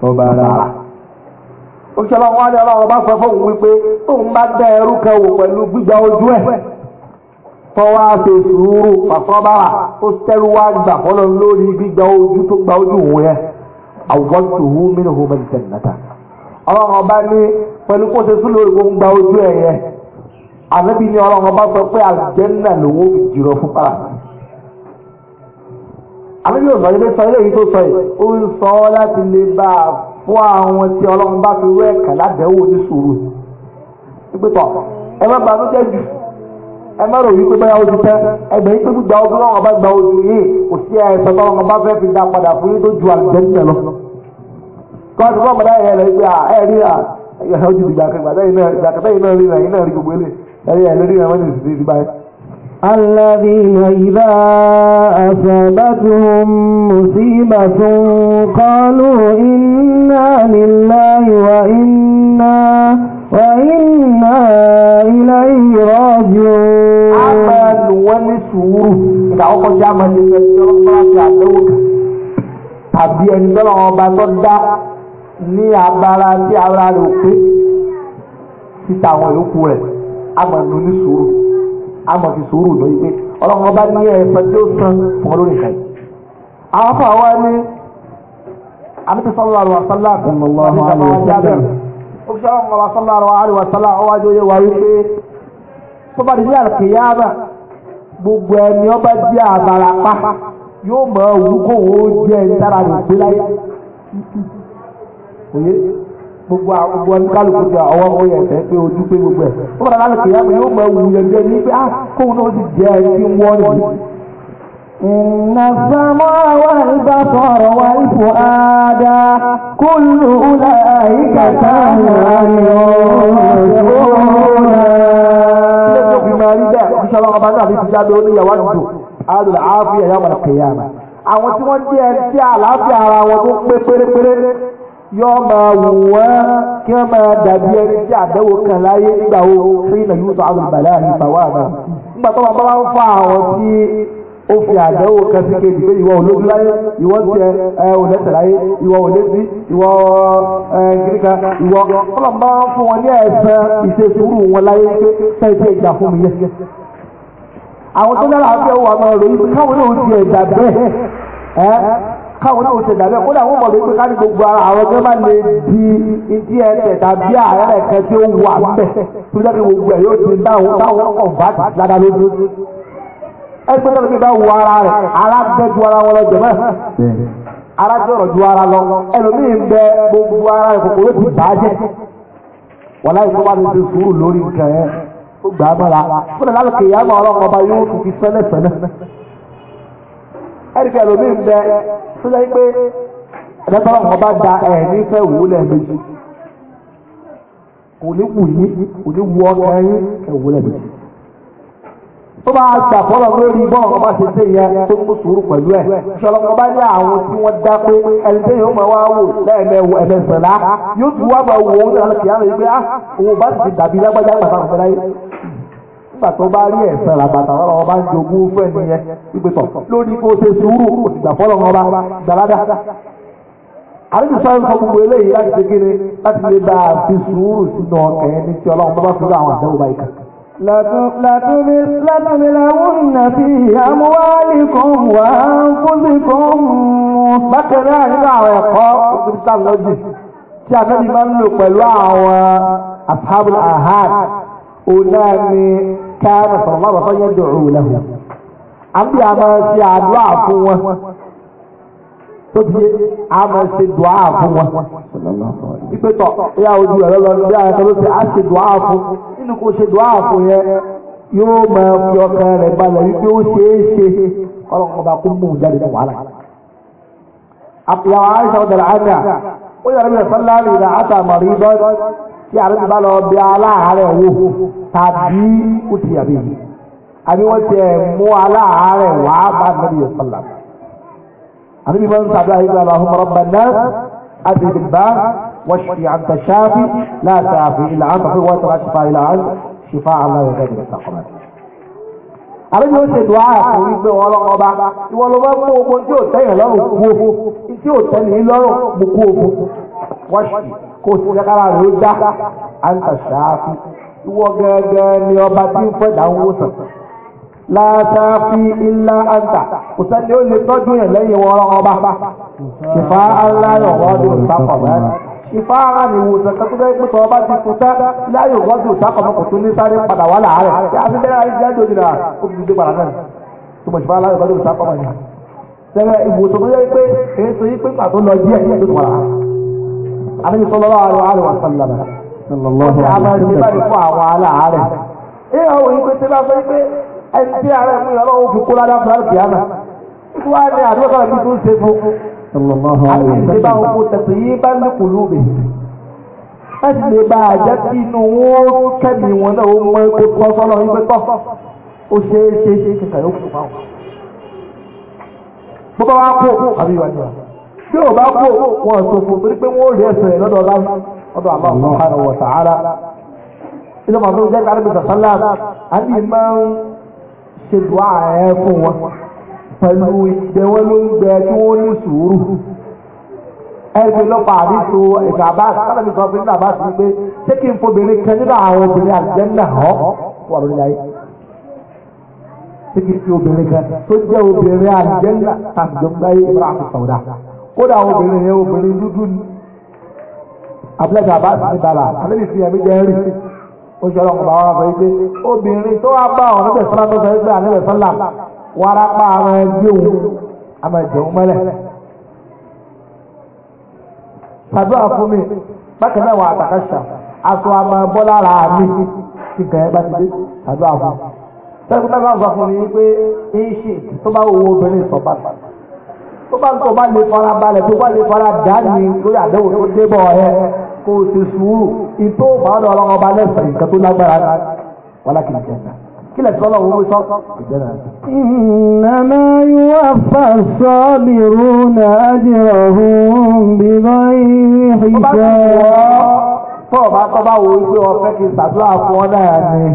ọba ara sọ fún bá dá ẹrú gba ojú òun yẹn. àwọ̀tòhù mìíràn hùmẹ́ ìjẹ̀nàta ọlọ́run ọba ní pẹ̀lú kó ṣe súnlẹ̀ ògbóǹgbà ojú ẹ̀ yẹn àbẹ́bí ni ọlọ́run ọba sọ pé àjẹ́nà lòun fi jùlọ fún pàràtà àbẹ́bí ò sọ ilé sọ ilé yìí tó sọ yìí ó ń sọ ọ́ láti lè bá a fún àwọn tí ọlọ́run bá fi wẹ́ẹ̀kà ládẹ́wò ní sùúrù ìpẹ́tọ̀ ẹ má bàánú jù ẹ má rò wípé báyà ojú tẹ ẹgbẹ́ yín tó tún gba ojú lọ́wọ́ ọba gba ojú yìí kò sí ẹ̀sọ́ tó wọn bá fẹ́ fi dá padà fún yín tó ju àlùjẹ́ńtẹ̀ lọ. kọ́ńtù fún ọmọdé ẹ̀ rẹ̀ pé ẹ rí à ẹ̀ ojú ìgbà kan ìgbà tẹ́yìn náà rí rẹ̀ yín náà rí gbogbo eléyìí ẹ̀rí الذين إذا أصابتهم مصيبة قالوا إنا لله وإنا وإنا إليه راجعون عمل ونسوره ìdáwọ́kọ́ jẹ́ àmàlẹ́fẹ́ tí ọlọ́pàá àti àdéhùn kan tàbí ẹni tọ́lọ́ ọba tó dá ní abala tí ara rẹ̀ pé títa àwọn ìlúkù rẹ̀ àmàlù ní sùúrù àmàlù sùúrù lóyún pé ọlọ́pàá ọba ní ẹ̀fẹ́ tí ó san fún olórin kan àwọn afọ àwọn ẹni àmì tí sọ́lá àlùwàsálà kò ní ìjàmbá wọn jábẹ̀rẹ̀ òṣìṣẹ́ ọmọ wa sọ́lá àwọn àríwá sọ́lá ọwájú oyè wa wípé tó bá di ní àkèyàmà gbogbo ẹni ọba jẹ́ àbàràpá yóò mọ̀ òun kó òun ó jẹ́ ìdára nìgbé láyé òye gbogbo àwọn ọmọ kálukú ti ọwọ́ ọmọ yẹn fẹ́ pé ojú pé gbogbo ẹ̀ ó bàtà lálẹ́ kèyàmà yóò mọ̀ òun yẹn jẹ́ ní pé á ah, kóun náà ti jẹ́ ẹ̀ إن السماء والبصر والفؤاد كل أولئك كان عنه àwọn tí wọ́n jẹ́ ẹni tí àlàáfíà ara wọn tó pé pérépéré yóò máa wù wọ́n kí wọ́n máa dàbí ẹni tí àdẹ́wò kan láyé nígbà wo fún ìnà yóò sọ àwọn ìbàlẹ̀ àyíká wà náà nígbà tó wọn bá wá fa àwọn tí ó fi àdánwò kan sí kejì pé ìwọ olójú láyé ìwọ tiẹ ẹ òlẹsẹ láyé ìwọ òlẹsí ìwọ ẹ gíríkà ìwọ ọlọmọba fún wọn ní ẹsẹ ìṣesúrù wọn láyé pé tẹsẹ ìjà fún mi yẹ. àwọn tó dára àti ẹwà máa rò yìí káwọn náà ti ẹ̀dà bẹ́ẹ̀ ẹ káwọn náà ti ẹ̀dà bẹ́ẹ̀ kódà wọn mọ̀ wípé ká ní gbogbo ara àwọn tó máa lè di ìdí ẹsẹ̀ tàbí ààrẹ ẹ̀kẹ́ tí ó wà bẹ́ẹ̀ tó jẹ́ pé gbogbo ẹ̀ yóò ti báwọn báwọn ọ̀ ẹgbẹ́ tẹ́lẹ̀ bí bá wọ ara rẹ̀ ara ara wọn lọ jẹ̀mọ́ ara ọrụ ju ara lọ ẹlòmíì bẹ gbogbo ara rẹ̀ kòkòrò ti bàjẹ́ wọ́n láì tó bá ti ṣe sùúrù lórí nǹkan yẹn ó gbà á fún ẹ̀ ìyá àmọ́ ọba yóò tún fi bẹ pé ọba da wò kò ní wù yín kò ní wù tó bá gbà fọlọ lórí bọ́ọ̀ ọba ṣe ṣe yẹn tó kú sùúrù pẹ̀lú ẹ̀ ṣọlọ́mọ bá ní àwọn tí wọ́n dá pé ẹni tẹ́ yóò máa wá wò lẹ́ẹ̀mẹ̀wò ẹ̀mẹ̀sẹ̀lá yóò tún wá máa wò ó ní alẹ́ kìá rẹ̀ pé á ah, òun bá sì ti dàbí lágbájá bàbá rẹ̀ láyé nígbà tó bá rí ẹ̀sẹ̀ làbàtà ọ̀rọ̀ ọba ń jogún fún ẹni yẹn ìgbésọ̀ lórí kó ṣe sùúrù kò sì gbà fọlọ́ ọba gbàládà àríbi sọ gbogbo eléyìí láti ṣe kéde láti lè bá a fi sùúrù sínú ọkàn ẹni tí ọlọ́run bá bá fi lọ àwọn àdéhùn báyìí kan. لتبلون في أموالكم وأنفسكم bákẹ́rẹ́ nínú àwọn ẹ̀kọ́ òṣìṣẹ́ lọ́jì tí àtẹ́bí máa ń lò pẹ̀lú àwọn ashabul ahad onáàmì káàrọ̀ sọ̀rọ̀ máa bàbá yẹn dùn òun lẹ́hùn. àbí àmọ́ ṣe àdúrà fún wọn tóbi àmọ́ ṣe dùá fún wọn. ìpètọ̀ ìyá ojú ẹ̀rọ lọ bí àwọn ẹ̀ka ló ṣe á ṣe dùá fún nínú kó ṣe dùá fún yẹn yóò máa fi ọkàn rẹ̀ balẹ̀ wípé ó ṣe é ṣe ọlọ́run ọba kó mú un jáde ní wàhálà. àpèyàwó àìsàn ọ̀dàlà àjà ó yàrá mi ẹ̀fọ́ láàrin ìdá àtà àmọ̀rí dán tí àrùn ti bá lọ bí aláàárẹ̀ wò tàbí ó ti yàgbé yìí àbí wọ́n ti ẹ̀ mú aláàárẹ̀ wàá bá nàbí ẹ̀fọ́ láàrin àbíbí máa ń sàdúrà yìí bá àwọn ọmọràn náà àbíbí bá wọ́n ṣe àǹtà ṣáàbì láti àfi ilà àǹtà fún wọn tọ́ra ṣìfà ilà àǹtà ṣìfà aláwọ̀ ẹ̀rọ ìgbà kọ́mọ̀. àbíbí ó ṣe dùá àfún wípé wọn lọ́wọ́ bá ìwọ ló máa ń mú ogun tí ò tẹ́yìn lọ́rùn kú òfu tí ò tẹ́yìn lọ́rùn mú kú òfu wọ́n ni ọba tí ń fẹ́ láta fi ilá àǹtà kò sẹ́ni ó lè tọ́jú yẹn lẹ́yìn wọ́rọ́ ọba ìfá aláyọ̀ wọ́dún ìbákọ̀mọ́ ìfá ara ni ìwòsàn kan tó bẹ́ẹ̀ pé sọ́ọ́ bá ti fún tẹ́ láyọ̀ wọ́dún ìbákọ̀mọ́ kò tún ní sáré padà wà láàárẹ̀ kí a fi bẹ́ẹ̀ ayé jẹ́ dòdì náà ó fi dé padà náà tó mọ̀ ìfá aláyọ̀ wọ́dún ìbákọ̀mọ́ yẹn sẹ́rẹ̀ ìwòsàn tó yẹ pé èyí ẹtí ààrẹ mú ìyàwó òun kó ládàá fún àrùkì àmà wá ní àdúrà kan tó ń ṣe fún àti ìdílé bá tẹ̀sí yìí bá ní kùlù mi láti lè bá àjẹ́ kí inú wọn kẹ́mi wọn náà ó mọ ẹgbẹ́ kọ́ sọ́nà yín ó ṣe é ṣe ṣe yóò àbí ìwà bí ò bá wọn sọ fún pé rí ẹsẹ̀ lọ́dọ̀ ṣe dùá ẹ̀ fún wọn pẹ̀lú ìgbẹ́ wọn ló ń gbẹ kí wọ́n ní sùúrù ẹgbẹ́ lọ́pàá àdìsó ìgbàbá sábàbí kan fún ìgbàbá sí pé ṣé kí n fobìnrin kan nínú àwọn obìnrin àjẹ́ńdà hàn wà lórí ayé ṣé kí n fi obìnrin kan tó jẹ́ obìnrin àjẹ́ńdà tàbí gbọ́ngá yé ìbára àti sọ̀dá kódà obìnrin yẹn obìnrin dúdú ni àbúlẹ̀ ìgbàbá sí ìgbàlà àlẹ́ oṣù ọlọ́run bá wà sọ wípé obìnrin tó wá bá ọ̀rọ̀ níbẹ̀ sọ́lá tó sọ wípé àníbẹ̀ sọ́lá warapa àwọn ẹbí òun àmọ́ ìjẹun mọ́lẹ̀. sàdúrà fún mi bákan náà wà àtàkàṣà aṣọ àmọ́ bọ́ lára mi ti gẹ̀ẹ́ bá ti dé sàdúrà fún mi. náà máa sọ fún mi pé iṣẹ́ tó bá wo obìnrin sọ bá tó bá ń sọ bá lè fara balẹ̀ tó bá lè fara dá lórí àdéhùn tó dé bọ̀ ọ́ kò sì sùúrù ìtò fàánù ọlọ́run ọba lẹ́sìn nǹkan tó lágbára wọn lákìlá jẹ́ta kílẹ̀ tí ọlọ́run wọ́n sọ ìjẹ́nà. Ìnàmá yóò fà sọ́ọ̀bì rúnà ájìrò hún bí lọ́yìn ìjẹ́. Tó o bá tọ́ bá wo wípé o fẹ́ kí sàdúrà fún ọ náà ni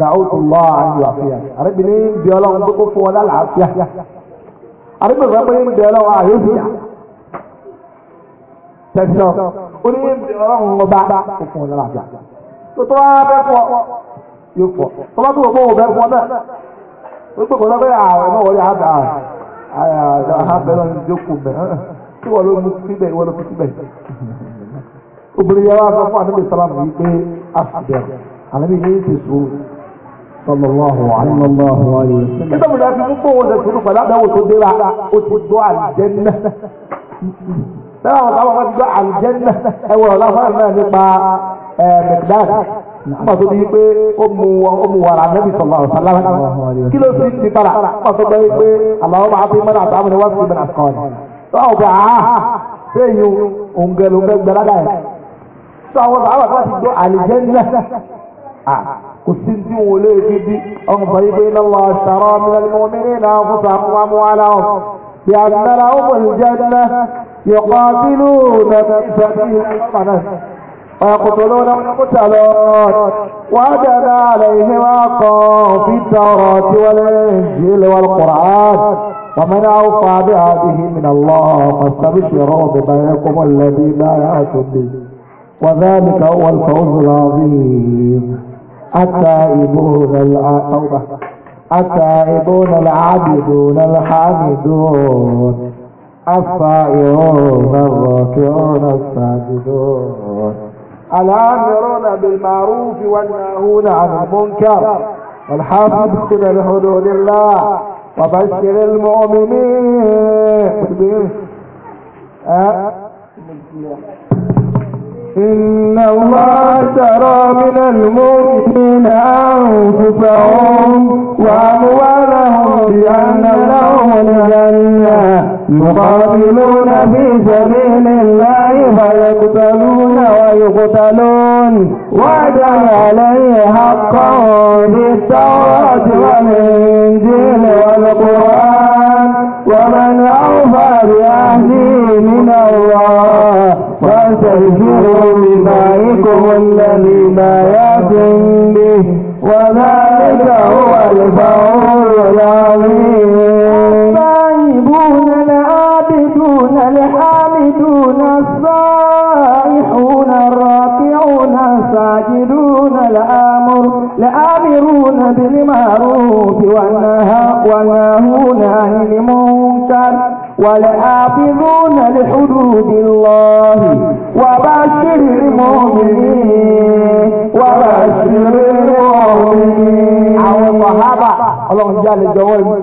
Dàúdù lọ àyò àfihàn. Àrẹ́bìnrin ń di ọlọ́run tó kó fún ọ lálàáfíà. Àrẹ́bìnrin ń ọlọ́run àyò tẹ̀sán oní ọlọ́run ọba òkun ọ̀lọ́lá àjà tó tó wá bẹ́ fọ yóò fọ tó bá tó wọ́n bọ́ bẹ́ fọ náà ó gbọ́dọ̀ lọ́gbẹ́ àwọn náà wọlé àbá àbẹ̀ lọ́nà ìjókòó bẹ̀ kí wọ́n ló mú síbẹ̀ wọ́n ló fi síbẹ̀ obìnrin yẹn wá sọ fún àdébí sábàmù yìí pé àṣìbẹ̀ àdébí yìí ti sùn sọlọ́láhùn àlọ́láhùn ayé. nígbà mìíràn fi mú kó wọn lè sùn pẹ̀lú àdáwò tó dé wa ó ti gbọ́ àjẹ́ náà náà àwọn àwọn kan ti gbọ́ àlùjẹ́nà ẹwọ ọ̀la fáwọn náà nípa mcdad nígbà tó di pé ó mu ó mu wàrà nẹ́bí sọ̀rọ̀ ọ̀sán lára kí ló sì ti para nígbà tó gbọ́ pé àlàó máa fi mẹ́ta àtàwọn ẹni wá sí mẹ́ta kọ́ ni. báwo bá a sẹ́yìn òǹgẹ̀ ló fẹ́ gbẹ ládàá yẹn. sọ àwọn àwọn ti gbọ́ àlùjẹ́nà kò sí tí wọn lè fi ọmọ يقاتلون في سبيل ويقتلون المقتلون وجد عليه واقع في التوراة والإنجيل والقرآن ومن أوفى بهذه من الله فاستبشروا ببيعكم الذي يأتون به وذلك هو الفوز العظيم التائبون التائبون العابدون الحامدون الصائرون الراكعون الساجدون الآمرون بالمعروف والناهون عن المنكر والحافظون لحدود الله وبشر المؤمنين إن الله ترى من المؤمنين أنفسهم وأموالهم بأن لهم الجنة يقاتلون في سبيل الله فيقتلون ويقتلون وعدا عليه حقا في التوراة والإنجيل والقرآن ومن أوفى بأهله من الله فاستبشروا ببائكم الذي بايعتم به وذلك هو الفوز العظيم الطيبون العابدون الحامدون الصائحون الراكعون الساجدون لآمر لآمرون بالمعروف والناهون عن المنكر ولآفظون لحدود الله وبشر المؤمنين وبشر المؤمنين àwọn sàhábà ọlọ́run jẹ́ àlejò ọwọ́ ìmú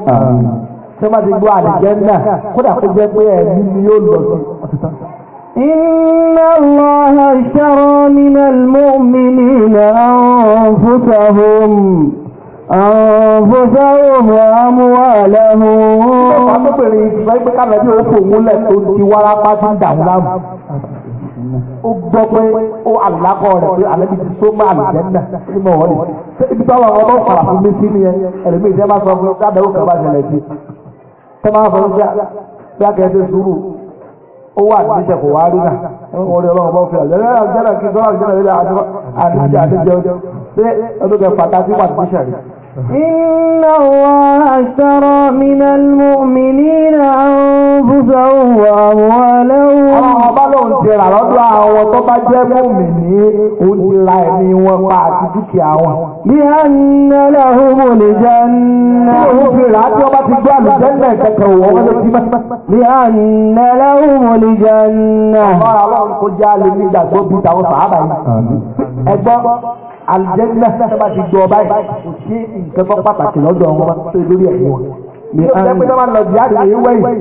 tí wọ́n ti gbọ́ àlejò náà kódà kó jẹ́ pé ẹ̀mí ni yóò lọ sí ọ̀tútàn إن الله اشترى من المؤمنين أنفسهم أنفسهم وأموالهم Ọ̀pọ̀lọpọ̀ ìgbẹ́ kálẹ̀ ní oṣù múlẹ̀ tó ti wárápá ti dàrú láàmú. Ó gbọ́ pé ó àlákọ̀ rẹ̀ pé àlẹ́ bíi tó máa lè jẹ́ nà nínú ọ̀rẹ́. Ṣé ibi táwọn ọmọ ọmọ ọ̀pàlà fún mi sí ni ẹ? Ẹ̀rẹ̀mí ìjẹ́ máa sọ fún mi, dáadáa ó kẹ́ bá ṣẹlẹ̀ sí. Ṣé máa sọ fún mi bí a kẹ́ ẹ ti sùúrù? ó wà ní ìṣẹ̀kù wá rí náà wọ́n rí ọlọ́run bọ́ fi àjẹ́rẹ́ àjẹ́rẹ́ kí dọ́là àjẹ́rẹ́ rí àjẹ́rẹ́ àjẹ́rẹ́ àjẹ́rẹ́ pé ọdún kẹfà tá a ti wà ní ìṣẹ̀rẹ̀ إن الله اشترى من المؤمنين أنفسهم وأموالهم Ọlọ́run ti rà lọ́dọ̀ àwọn tó bá jẹ́ mùmìnì òǹdíra ẹ̀mí wọn pa àti dúkìá wọn. Bí a ń nẹ́lẹ̀ ọ̀hún lè jẹ́ nà. Bí òun fi rà á tí ọba ti gbọ́ àlùjẹ́lẹ̀ kẹ̀kẹ́ wọ̀ wọ́n ló ti mọ́. Bí a ń nẹ́lẹ̀ ọ̀hún lè jẹ́ nà. Ọlọ́run Ọlọ́run kó jẹ́ alẹ́ nígbà tó bí tàwọn sàábà yìí. Ẹgbọ́n àlùjẹ́lẹ̀ tó bá ti gbọ́ báyìí kò sí ì nǹkan kan pàtàkì lọ́dọ̀ wọn tó lórí ẹ̀mí wọn. ní ọjọ́ pé tó máa lọ jihad lè wẹ̀yìn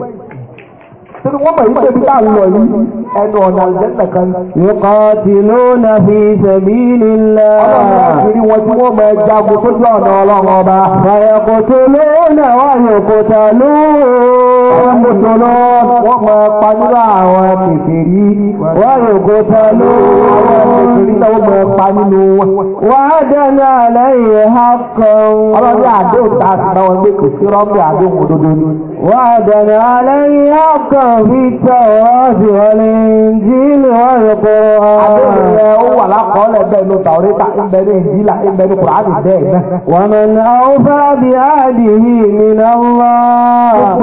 torí wọ́n mọ̀ yí pé bí táà ń lọ yìí ẹnu ọ̀nà àjẹ́sẹ̀ kan. yuqatiluna fi sabilillah. ọlọ́run àṣírí wọn tí wọ́n máa jagun sójú ọ̀nà ọlọ́run ọba. fayaqtuluna wa yuqtalun. wọ́n máa pa nínú àwọn kèfèrí. wa yuqtalun. àwọn kèfèrí wọ́n máa pa nínú wọn. wa'dana alayhi haqqan. ọlọ́run àdéhùn وعدا علي حقا في التوراة والإنجيل والقرآن ومن أوفى بعهده من الله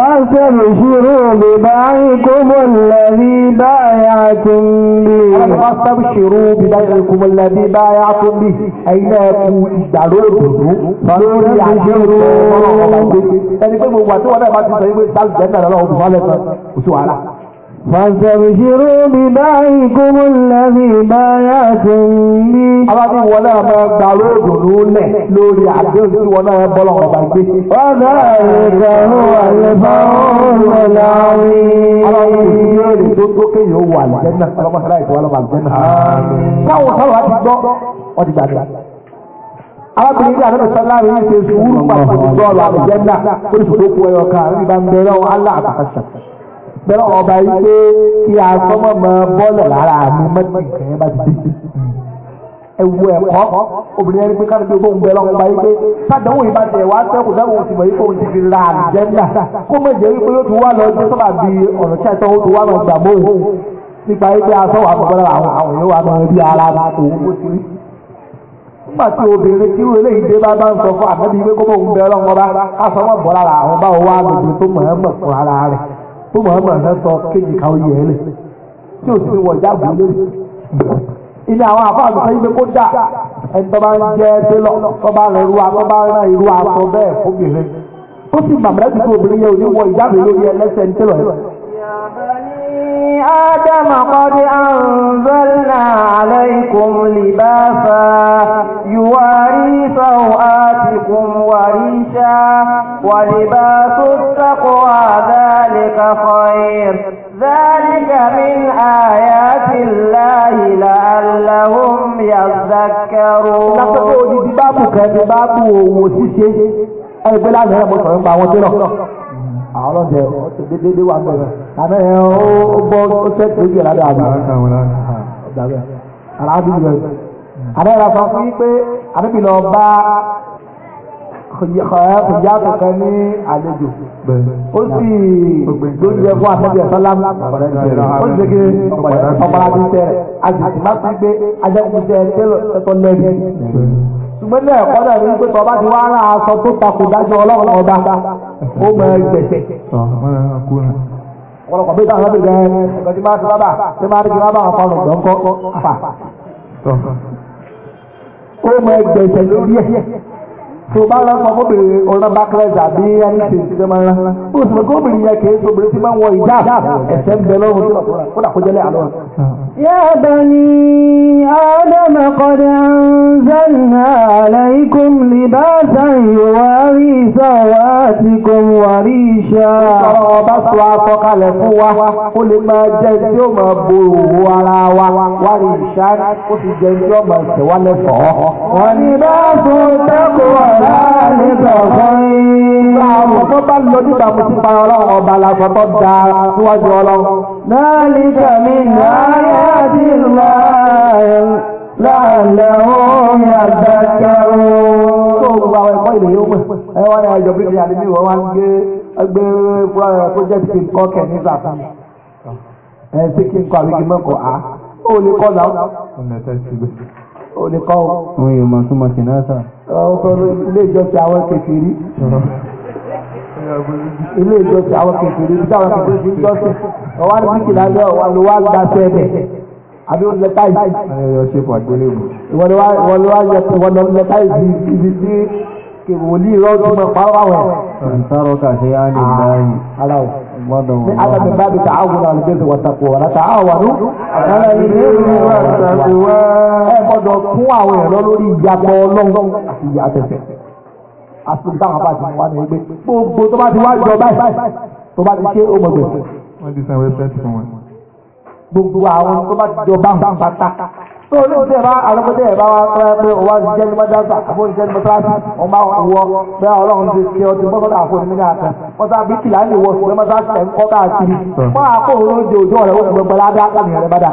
فاستبشروا ببعكم الذي بايعتم به فاستبشروا ببعكم الذي بايعتم به أين يكون ìdàrú òdòdó lórí àjẹ́ òdòdó ọlọ́run ọba gbé ẹni pé gbogbo àti wọn náà bá ti sọ yín pé sáàlù jẹ́ náà lọ́wọ́ òdòdó lẹ́sàn oṣù wàhálà. فاستبشروا ببيعكم الذي بايعتم به. Àwọn tí wọn náà máa gba róòdù lólẹ̀ lórí àdéhùn tí wọn náà bọ́lọ̀ ọ̀bà gbé. Wọ́n náà lè gbàrú àlefà òòrùn láàrin. Àwọn olùdíje èrè tó tó kéèyàn ó wà lẹ́nà ọlọ́mọṣẹ́lá ìfowópamọ́ àgbẹ̀nà. Káwọn sábà ti gbọ́, wọ́n ti gbàgbé arábìnrin ní àdébẹ̀ sọ́lá rẹ̀ ní ṣe sùúrù pàtàkì bọ́ọ̀lù àbújẹ́ndà oríṣi tó kú ẹyọ kan àríbá ń bẹ̀rẹ̀ Allah àbàkàṣà bẹ̀rẹ̀ wọn ọba yìí pé kí asọ́mọ̀ mọ bọ́ọ̀lù lára àmì mẹ́tì kẹ́yẹ́ bá ti dé ẹwu ẹ̀kọ́ obìnrin ẹni pé káàdì tó gbóhùn bẹ̀rẹ̀ wọn ọba yìí pé sádẹ́wò ìbá tẹ̀ wá sẹ́kù sẹ́kù ti mọ̀ yìí pé fi ra àbújẹ́ndà kó mẹ́jẹ wípé yóò ti wá lọ sí sábà bí ọ̀rọ̀ tí àìsàn ti wá nípa yìí asọ́wọ́ àbúgbọ́lá àwọn èèyàn wà máa rí ara tó ń ti rí nígbà tí obìnrin tí eléyìí dé bá bá ń sọ fún àbẹ́bí pé kó bóun bẹ́ẹ̀ lọ́wọ́ bá ká sọ mọ́ bọ́ lára àwọn báwo wá lòdì tó mọ̀ ẹ́ mọ̀ fún ara rẹ̀ tó mọ̀ ẹ́ mọ̀ ẹ́ sọ kéjì ká oyè ẹ̀ lẹ̀ tí ò sí wọ̀ jáde lórí. ilé àwọn àfáàdù sọ yìí pé kó dà ẹni tó bá ń jẹ́ télọ̀ tó bá rẹ̀ irú aṣọ bá rẹ̀ irú aṣọ bẹ́ẹ̀ fóbìnrin ó sì màmúlẹ́sì tó obìnrin yẹn ò ní wọ ìjáde lórí ẹlẹ́sẹ̀ ní télọ̀ yẹn بني آدم قد أنزلنا عليكم لباسا يواري سوآتكم وريشا ولباس التقوى ذلك خير ذلك من آيات الله لعلهم يذكرون لقد أجد بابك باب وسيسي أي بلا نهي مصر بابك àárọ̀ jẹ ọtí dédé wà bẹ̀rẹ̀ àmì ẹ̀ ó gbọ́ ó sẹ́kì ojú ẹ̀ ládàá àbí. ara á dùn bẹ̀rẹ̀. àbẹ́ ra sọ fún yín pé àbíbi lọ bá ìyá kankan ní àlejò ó sì lóúnjẹ fún àtẹ́bí ẹ̀sán lámú ó sì ṣe ọ̀pọ̀lọpọ̀ àti tẹ̀ àti tìmátì gbé ajẹ́kùn tẹ̀ tẹ́lọ̀ tẹ́tọ̀ lẹ́bi ṣùgbọ́n náà ẹ̀kọ́ náà ní pé tọba ti wá rà aṣọ tó takò dájọ́ ọlọ́run ọba ó mọ ẹgbẹ̀ṣẹ̀. ọ̀pọ̀lọpọ̀ bí táwọn ọlọ́bìnrin gan ẹ̀kọ́ tí máa ti rábà tí máa ti rábà wọn fọlọ̀ gbọ̀ǹkọ́ ó mọ ẹgbẹ̀ṣẹ̀ lórí ẹ̀ tó bá lọ sọ fóbìnrin ọ̀rọ̀ backlash àbí ẹni tí ìṣẹ́ máa ń rán ó sì fẹ́ gómìnà yẹn kìí sóbìnrin tí máa ń wọ ìjà ẹ̀sẹ̀ ń bẹ lọ́rùn tí wọ́n kó dàkójẹ́lẹ̀ àlọ́. يا بني آدم قد أنزلنا عليكم لباسا يواري سواتكم وريشا ọba sọ afọkalẹ̀ fún wa ó lè máa jẹ́ tí ó máa bo òwò ara wa wá rí ó sì jẹ́ tí ó máa tẹ̀wálẹ̀ fọ́. wọ́n ní bá sọ tẹ́kọ̀ọ́ nígbà mo ti pa ọlọ́run ọba lásọ tó da níwájú ọlọ́run. Láàlì kàmí láyé àti láàlẹ̀ òun àdàkẹ́rù. Tó gbogbo àwọn ẹ̀kọ́ ìlú yóò pẹ̀. Ẹ wá ní àjọ bí ìyá nínú ìwọ̀n wá ń gbé ẹgbẹ́ pọ́jẹ́tì kí n kọ́ kẹ̀ ní sàtà. Ẹ sí kí n kọ́ àbí kí n mọ̀kọ́ á. Ah, ó lè kọ́ náà oníkọ́ òun yóò máa túnmọ̀ sí náà sáà ọ̀sọ̀ ilé ìjọsìn àwọn kèfèrí ilé ìjọsìn àwọn kèfèrí ibi táwọn kèfèrí ti ń jọ́sìn ọwá ní kíkì lálẹ́ ọ̀wá ló wá gba sí ẹ̀bẹ̀ àbí ó lẹ́tà yìí ìwọ ni wá yẹ kí wọ́n lọ lẹ́tà yìí ibi tí kèwòlì rọ́ọ̀dù mọ̀ pàápàá wẹ̀. ọ̀sán rọ́ọ̀kà ṣe á ní ìdáhùn. على من باب تعاون على البر والتقوى ولا تعاونوا على البر والتقوى ẹ gbọ́dọ̀ fún àwọn èèyàn lórí ìyàtọ̀ Ọlọ́run àti ìyàtẹsẹ àti táwọn bá ti wà ní ẹgbẹ́ gbogbo tó bá ti wá jọ báyìí tó bá ti ṣe ó mọgbẹ. wọ́n ti san wẹ́bsáìtì fún wọn. gbogbo àwọn tó bá ti jọ báwọn pátá tó o lóun tẹ̀ bá alọ́kọ́tẹ̀ ẹ̀ bá wá pẹ́ pé o wá jẹ́ ní mọ́dáṣà àbó jẹ́ ní mọ́sáàsì o máa wọ bẹ́ẹ̀ ọlọ́run ti ṣe ọtí mọ́kọ́tà àfọ̀n nígbà kan mọ́sá bí kìlá lè wọ ṣùgbọ́n mọ́sáàsì ẹ̀ ń kọ́ káàkiri mọ́ àpò òróǹde òjò ọ̀rẹ́ ó ti gbẹgbẹ ládá láti rẹ̀ bàdà.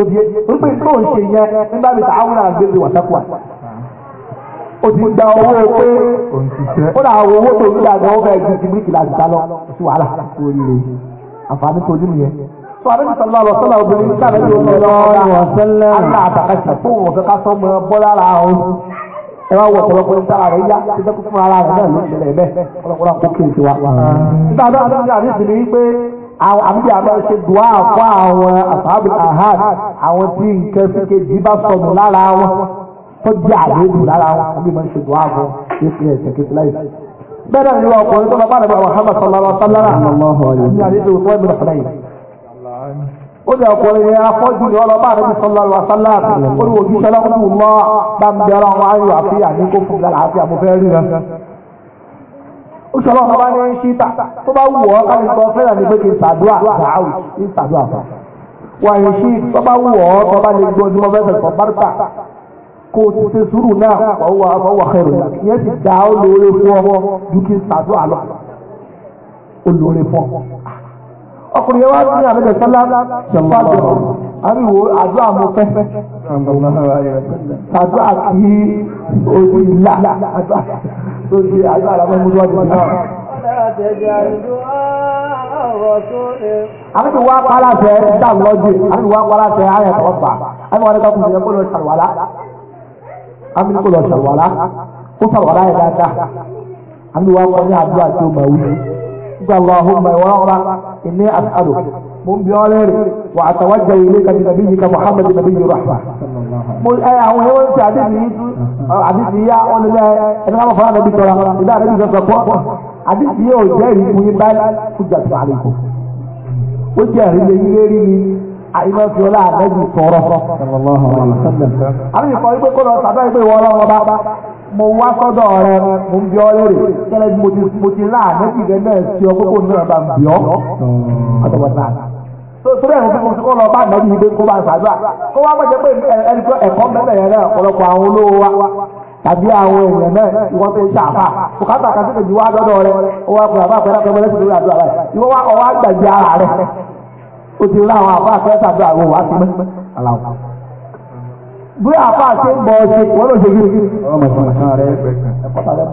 Òbí ń pè tó ń ṣe yẹn nígbà mi tààwọn àgbègbè wàtàkùwà ó ti gba owó pé ó dà àwọn owó tó ń gbà gan ó bẹ̀ ju ti bíríkì láti dá lọ sí wàhálà àǹfààní tó nínú yẹn. Fọ́nrẹ́bí sọ̀lá lọ sọ́lá obìnrin káàdé ní omi ọlọ́wọ́ náà. Àgbà àtàkàṣà fún òun kankan sọ mọ bọ́ lára òun. Ẹ wá wọ ọ̀pọ̀lọpọ̀ ní sára rẹ̀ yá ti dẹ́kun fún ara rẹ̀ náà ló ṣẹlẹ̀ bẹ́ẹ̀. Ọlọ́pọ̀lọpọ̀ kò kí n ti wá. Nígbà náà ló ń gbà níbi ni wípé àwọn àbíjà bá ṣe dùá fún àwọn àfáàbù àhàd àwọn tí nǹkan fi kejì bá sọnù lára wọn tó jẹ́ àléébù lára wọn àbí máa ń ṣe dùá fún Bẹ́ẹ̀ ni wọ́n ọkùnrin tó bá bá rẹ̀ bá wà Hamad sọ̀rọ̀ lọ́wọ́ Ní àlejò tó wọ́n mi lọ fún ẹ̀yìn ó ní ọkùnrin yẹn afọ́jú ni ọlọ́ba àdébí sọ́lá lọ sálá ó ní ojú sọ́lá kúkú lọ bá mi jẹ́ ọlọ́run ayọ̀ àfíà ní kó fún ìlànà àfíà mo fẹ́ rí rẹ. ó sọ̀rọ̀ ọ̀nà bá ní ṣíta tó bá wù ọ́ káyọ̀ nǹkan fẹ́ràn ní pé kí n ṣàdúrà ṣàáwì kí n ṣàdúrà fún wa ṣí tó bá wù ọ́ tó bá lè gbọ́ ojúmọ́ fẹ́ fẹ́ bárúkà kó ti ṣe sùúrù náà fọwọ́ fọwọ́ ọkùnrin yẹn wá sí àbẹ̀tẹ̀ sọ́lá jọ̀pá jọ̀pá àríwó àdúrà mo fẹ́ àdúrà sí ojú ìlà àdúrà lórí àdúrà làwọn ọmọdé wájú náà. Àbẹ̀tẹ̀ wá pálásẹ̀ dàgbọ́jú, àbẹ̀tẹ̀ wá pálásẹ̀ ayẹ̀ ọ̀fà, àbẹ̀tẹ̀ wá nípa kùnìyàn kó lọ ṣàlùwàlá. Àbẹ̀tẹ̀ kó lọ ṣàlùwàlá, kó ṣàlùwàlá yẹn dáadáa. Àbẹ̀tẹ̀ wá kọ́ ní àdúrà tí ó máa gbogbo Allahumma ìwọ́n ọ̀rá ìní àṣàrò mo ń bi ọ́ lẹ́rìí wà á tàwájà ilé kàbí nàbí yìí ka Muhammad nàbí yìí rahma. mo ẹ àwọn ẹwọ́n ti àdìsí yìí àdìsí yá wọn lẹ ẹni ká mọ̀ fọ́nà nàbí tọ́ra ìdá nàbí sọ̀tọ̀ pọ̀ àdìsí yóò jẹ́ ìrìn fún yín báyìí fún jàdùn àlejò ó jẹ́ ìrìn lè yín ni àyìnbó fi ọlá àdẹ́jù sọ̀rọ̀. àwọn ìkọ̀ ìgbé kó lọ sàdọ́ ìgbé wọ mo wá sọ́dọ̀ rẹ mo ń bí ọ lórí gẹ́lẹ́ bí mo ti láàánú ìgbẹ́ náà sí ọ kókó náà bá ń bí ọ àtọwọ́ta. sórí ẹ̀rọ fún mi kó lọ bá nàbí ibẹ̀ kó bá ń sàdúrà kó wá mọ̀jẹ̀ pé ẹni pé ẹ̀kọ́ mẹ́lẹ̀ yẹn náà ọ̀pọ̀lọpọ̀ àwọn olówó wa tàbí àwọn èèyàn náà ìwọ́n tó ń ṣàfà bùkátà kàtí kejì wá dọ́dọ̀ rẹ ó wá àbá àpẹẹrẹ àpẹẹrẹ bí àpá àti bọ̀ ṣe wọ́n ló ṣe kí ọmọ ìfọ̀nà rẹ̀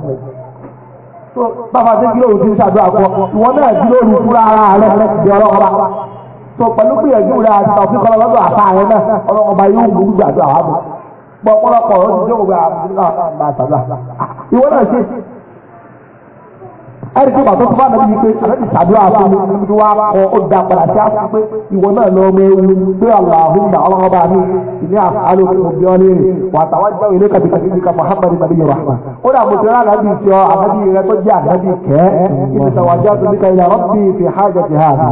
so bàbá tí kí lóòrùn ti ń ṣàdúrà fún ọ ìwọ náà kí lóòrùn fúnra ara rẹ di ọlọ́ọ̀ba so pẹ̀lú gbìyànjú rẹ àti ọ̀fin kọ́ lọ́dọ̀ àpá rẹ náà ọlọ́ọ̀ba yóò mú gbàdúrà wà bọ̀ pọ̀pọ̀lọpọ̀ ó ti dé òwe àmì náà máa ṣàdúrà ah, ìwọ náà ṣe ẹni tó bàtọ́ tó bá nàbí yìí pé àbẹ́bí sàdúrà fún mi ní wàá kọ ọ̀dà padà sí àti pé ìwọ náà lọ ọmọ ewu pé aláhùnmá ọlọ́mọba mi ìní àfàlù òbí ọ́lẹ́ rẹ̀ wà táwọn jẹ́ ìlé kàbíkà níbi ká nàbí yẹwà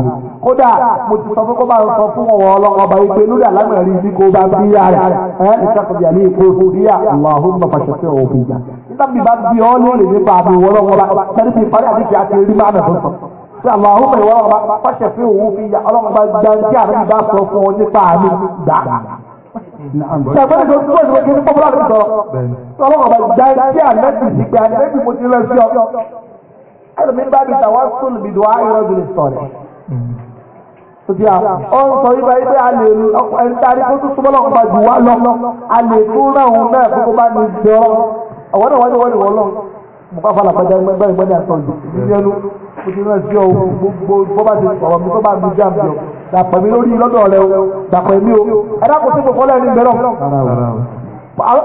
kódà mo ti sọ fún kó bá sọ fún ọwọ́ ọlọ́run ọba ìpè lódà lágbàrí bí kò bá bí yá rẹ̀ ẹ́ ìṣàkóbi àlẹ́ ìkó ìfòdíyà Allahumma fàṣẹṣẹ òfin ìjà. nígbà bí bá bí ọ́ lórí nípa àbí ìwọ́lọ́wọ́ ọba sẹ́ni fi parí àti Allahumma ìwọ́lọ́wọ́ ọba fàṣẹṣẹ òwò fi ìjà ọlọ́run bá gbàǹtí àbí bá sọ fún ọ nípa àmì gbà sàgbẹ́ni tó tó ti pé bá mi tàwọn sùn mi dùn á yọ Òbí à, ó ń sọ wípé wípé a lè rí ọkọ̀ ẹni tá a rí kó tún súnmọ́ lọ́kọ̀ jù wá lọ. A lè tún rẹ̀ òun náà fún kó bá ní jọ. Àwọn náà wọ́n ní wọ́n ní wọ́n lọ. Mo bá fọlá pẹ́jà ẹgbẹ́ ìgbẹ́ ní àtọ̀ yìí. Ìdí ẹnu, mo ti rán sí ọ gbogbo bó bá ti sọ̀rọ̀ mi tó bá mi já mi ọ. Dàpọ̀ mi lórí lọ́dọ̀ rẹ o, dàpọ̀ mi o. Ẹ dákun mo fọ́lẹ́ ní mẹ́rọ̀.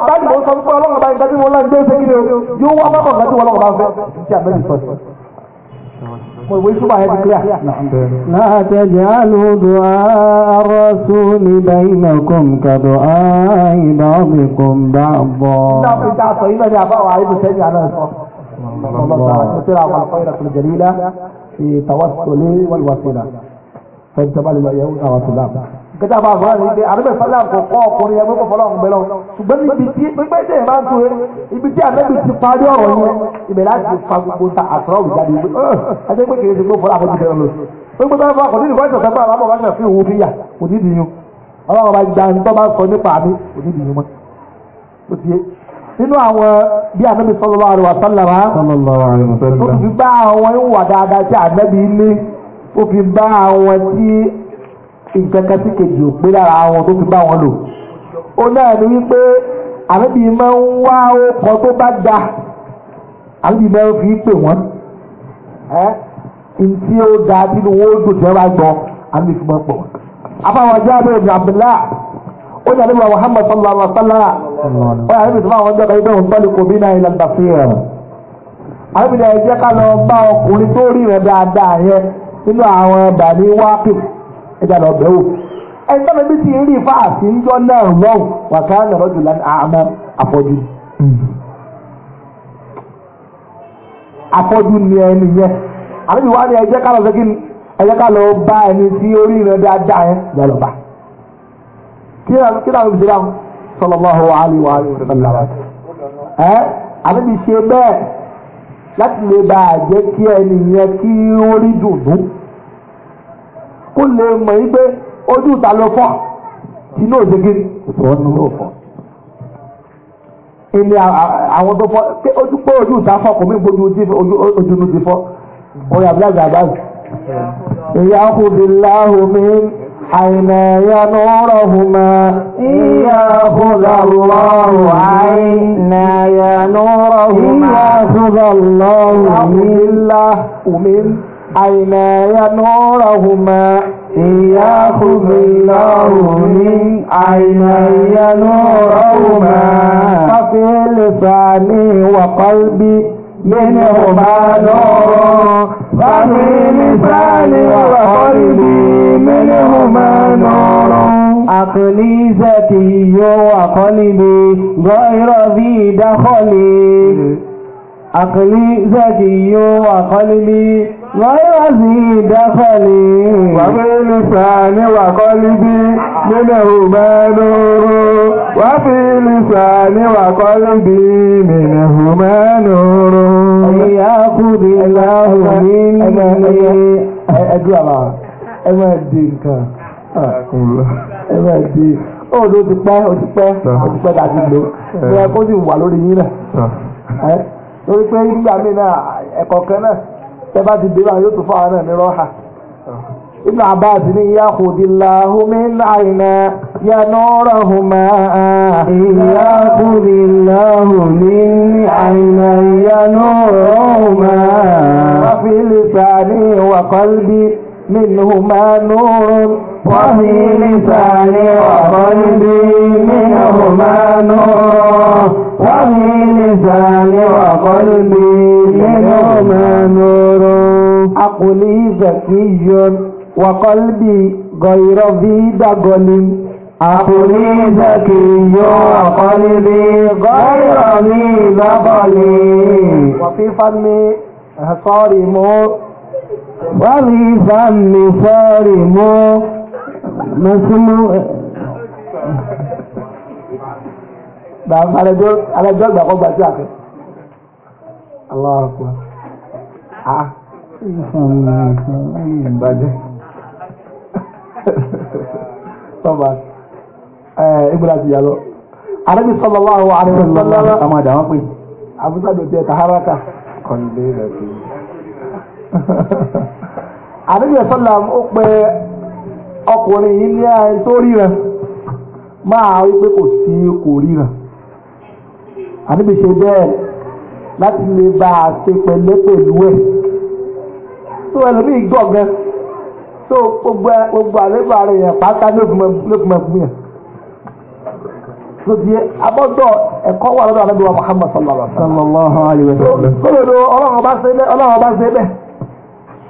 Báyìí mo sọ fún ọlọ́run báyìí dájú mo lọ́ لا تجعلوا دعاء الرسول بينكم كدعاء بعضكم بعضا في توسل والوسيلة فانتبه لما يهود أو gẹ́gẹ́ bá àwọn ọ̀rẹ́ ìgbé àdúgbò ìfọ́lá àkọ́kọ́ ọkùnrin ẹgbẹ́ pọ̀pọ̀lọ́ ọ̀hún bẹ̀rẹ̀ ṣùgbọ́n níbi tí pípẹ́ tẹ̀ bá ń tó eré ibi tí àbẹ́bí ti parí ọ̀rọ̀ yẹn ibẹ̀ láti fa gbogbo ta àtọ́rọ̀ ìjáde ìgbé ẹgbẹ́ pé kìí ṣe gbogbo fọlá àkọ́jú bẹ̀rẹ̀ lọ. gbogbo tó ń fọ àkọ́jú ìfọ́ ìṣọ̀kan bá àwọn ọmọ fi wo fíyà kò ní ìdíyun ọlọ́run bá gba ẹni tó bá sọ nípa mi kò ní ìdíyun mọ́. ó ti yé nínú àwọn bí ànábì sallallahu alaihi wasallam ó fi bá àwọn ìwà dáadáa tí ànábì ilé ó fi bá àwọn tí ìkankan tí kejì ò pé lára wọn tó fi bá wọn lò ó náà ni wípé àbíbi máa ń wá ọkọ̀ tó bá da àbíbi máa ń fi pè wọ́n ẹ́ ntí ó da nínú owó dùn tí wọ́n bá gbọ́ àbíbi fi máa pọ̀ wọ́n. afáwọn ajá bẹ́ẹ̀ ibn abdullah ó ní àdébà muhammad sallallahu alaihi wa sallam ó yà àbíbi tó máa wọ́n jẹ́ bẹ́ẹ̀ ibn tọ́lù kò bí náà ilẹ̀ basir. àbíbi náà ẹ jẹ́ ká lọ bá ọkùnrin tó rí rẹ̀ dáadáa yẹn nínú àwọn bàní wákìtì ẹja lọ bẹ̀ wò ẹni tọ́lá bí ti rí ifá àti ìjọ náà lọ́wọ́ wàkà nàró jùlọ àmọ́ àfọ́jú. àfọ́jú ni ẹni yẹn àbí wàá ní ẹjẹ́ ká lọ sẹ́kí ẹjẹ́ ká lọ bá ẹni tí orí rẹ̀ dáadáa yẹn ẹja lọ bá. kí ni àwọn ìbí ṣe dáhùn sallallahu alaihi wa alihi wa sallam ẹ àbí mi ṣe bẹ́ẹ̀ láti lè bá àjẹ́ kí ẹni yẹn kí ó dùn dùn. kó lè mọ̀ yí pé ojú ìta ló fọ́ inú òṣèké ìfọ̀nù ló fọ́ ilé àwọn tó fọ́ pé ojú pé ojú ìta fọ́ kò mí gbójú ojú ti fọ́ orí abúlé àgbà báyìí. ìyáhùn bíláhùn mi. حين ينورهما يأخذ الله عين ينورهما يأخذ عيناي نورهما ياخذ الله من عيناي نورهما ففي لساني وقلبي منهما نور ففي لساني وقلبي منهما نور عقلي ذكي وقلبي غير ذي دخلي عقلي ذكي وقلبي ويزيد خليل وفي لساني وقلبي di tẹ́ bá ti dé báyìí yóò tún fún àwọn náà ní rọ́hà. Ibn Abbas ní yàkùdìláhù min àìnà yanúrahùmá. Yàkùdìláhù min àìnà yanúrahùmá. Wàfi lisani wa qalbi minhuma nurun. Wàfi lisani wa qalbi minhuma nurun. Wàfi lisani wa qalbi minhuma nurun. عقلي زكي وقلبي غير ذي دغل عقلي زكي وقلبي غير ذي دغل وفي فمي صارم وفي فمي صارم مسمو alẹ́jọ́ ìgbàkọ́gbà sí àfẹ́. Allah akbar. Ah. ìgbàlá ti sallallahu alaihi wasallam àmọ́ àdàwọ́ pé àbúsàdò tiẹ̀ tàhárákà. Kọ̀ǹdé rẹ̀ fi. Àrẹ́bí sọ́lá ó pẹ ọkùnrin yìí ní ẹ̀ tó ríran máa rí pé kò sí kò ríran. Àrẹ́bí ṣe bẹ́ẹ̀ láti lè bá a ṣe pẹ̀lẹ́ tó ẹlòmíì gbọ̀ gan tó gbogbo gbogbo àlébà rẹ̀ yẹn pátá lókùnmọ̀ gbìyàn sodi abọ́dọ̀ ẹ̀kọ́ wà lọ́dọ̀ àlébà wa Muhammad sallallahu alayhi wa sallam. kólódó ọlọ́run ọba ṣe bẹ́ẹ̀ ọlọ́run ọba ṣe bẹ́ẹ̀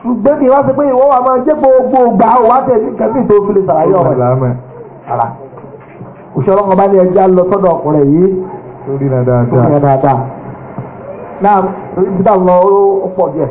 ṣùgbọ́n kí wọ́n ṣe pé ìwọ́n wà máa jẹ́ gbogbo gbà ó wá tẹ̀ ní kẹ́mí tó fi lè sàlàyé ọ̀rọ̀ ara òṣèlú ọba ní ẹja lọ sọ́dọ̀ ọkùnrin yìí lórí náà dáadáa náà ibi táwọn ọ̀rọ̀ pọ̀ díẹ̀.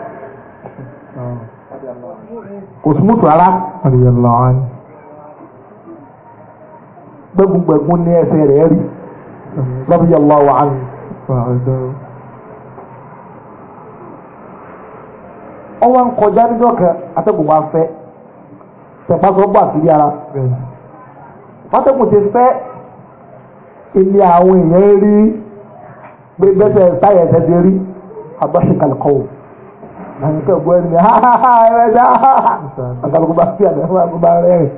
kò súnmùtù rárá. gbẹ́gungbẹ́gun ní ẹsẹ̀ rẹ̀ rí radiyallahu anhu. ọwọ́ ń kọjá níjọ́ kan atẹ́gùn wa fẹ́ tẹ̀pásọ́ bọ́ àti yára fátẹ́gùn ti fẹ́ ilé àwọn èèyàn rí gbẹ́gbẹ́sẹ̀ táyà ẹ̀sẹ̀ ti rí àgbàṣe kàlùkọ́wò nǹkan gbọ́ ẹni ha hahaha, ha Kalau dá ha ha àgbàlagbà bá fi àgbà fún àgbà rẹ̀rìn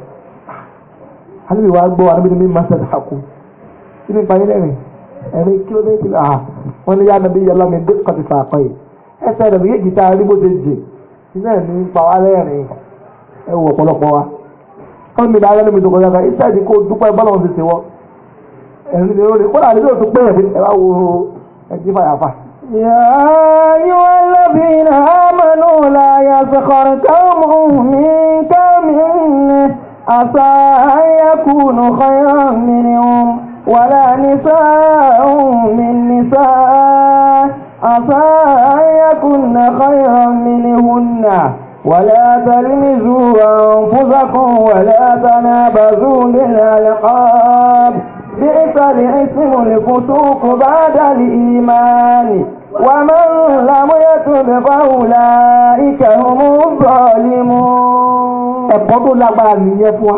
alẹ́ ìwà gbọ́ àdébí ni mi máa ṣẹ̀dá kú kí ni ìpàdé rẹ̀rìn ẹ̀rìn nabi ló dé kí ló hà wọ́n ní yá nàbí yàrá mi dé kọ́tì fàákọ́ yìí ẹsẹ̀ rẹ̀ eh tá eh, kalau rí Kalau ṣe jì iná ní pa wá rẹ̀rìn ẹ wọ ọ̀pọ̀lọpọ̀ wa wọ́n mi dáa lẹ́nu mi tó kọjá kan iṣẹ́ ìdí kó dúpẹ́ bọ́lá wọn ti ṣe wọ́ ẹ̀rìn يا أيها الذين آمنوا لا يسخر قوم من قوم عسى أن يكونوا خيرا منهم ولا نساء من نساء عسى أن يكن خيرا منهن ولا تلمزوا أنفسكم ولا تنابزوا بالألقاب بئس الاسم الفسوق بعد الإيمان ومن لم يتب فأولئك هم الظالمون ẹ̀kọ́ tó lágbára nìyẹn fún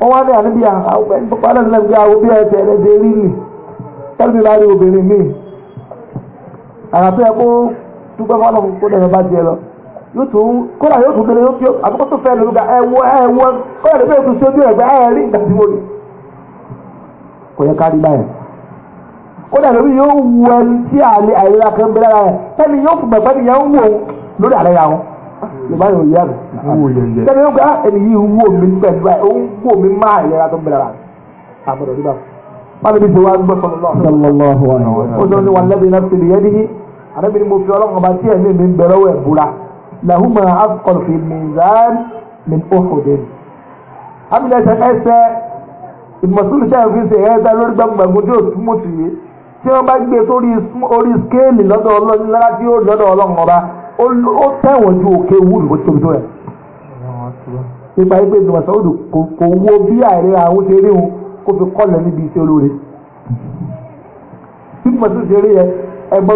wa wọ́n wá ní àníbí àpẹẹrẹsẹ̀lẹ́gbẹ́ àwọn bí ẹsẹ̀ rẹ̀ dé rí nì tẹ́lifí bá rí obìnrin míì àràfẹ́ kó dúpẹ́ fọ́nà kó dẹ̀rẹ̀ bá jẹ lọ yóò tún kódà yóò tún kéré yóò kò yẹ ká rí báyìí ó dàbí orí yóò wu ẹni tí àìlera kan bẹ lára ẹ̀ sẹ́ni yóò fún bẹ̀fẹ́ nìyẹn ń wò lórí àlẹ́ yà wọn yorùbá yóò yẹ rẹ̀ sẹ́ni yóò gbá ah, ẹni yìí ń wò mí pẹ̀lú ẹ̀ ó ń wò mí má àìlera tó bẹ lára àbọ̀dọ̀ rí báwọn. wọ́n ti wá gbọ́ sọlọ́ọ̀ ó sọ ní wọn lẹ́bi náà fi lè yẹ́ níyì àdébìnrin mo fi ọlọ́run ọba tí ẹ̀mí mi ń bẹ̀rẹ̀ wẹ̀ búra làhùmà afkọ̀lù ìmọ̀sílù tẹ́ ẹ̀ fi ṣe ẹ̀ẹ́dá lórí gbàgbàgbọ́ tí ò túmọ̀ i tí wọ́n bá gbé sórí orí skéèlì lọ́dọ̀ ọlọ́run lára tí ó lọ́dọ̀ ọlọ́run ọba ó tẹ̀wọ̀n ju òkè wúlù bó ti tóbi tó rẹ̀. nípa kò wo bí àìrẹ́ àwọn ṣe rí wọn kó fi kọ́lẹ̀ níbi iṣẹ́ olóore. ṣe rí yẹ tó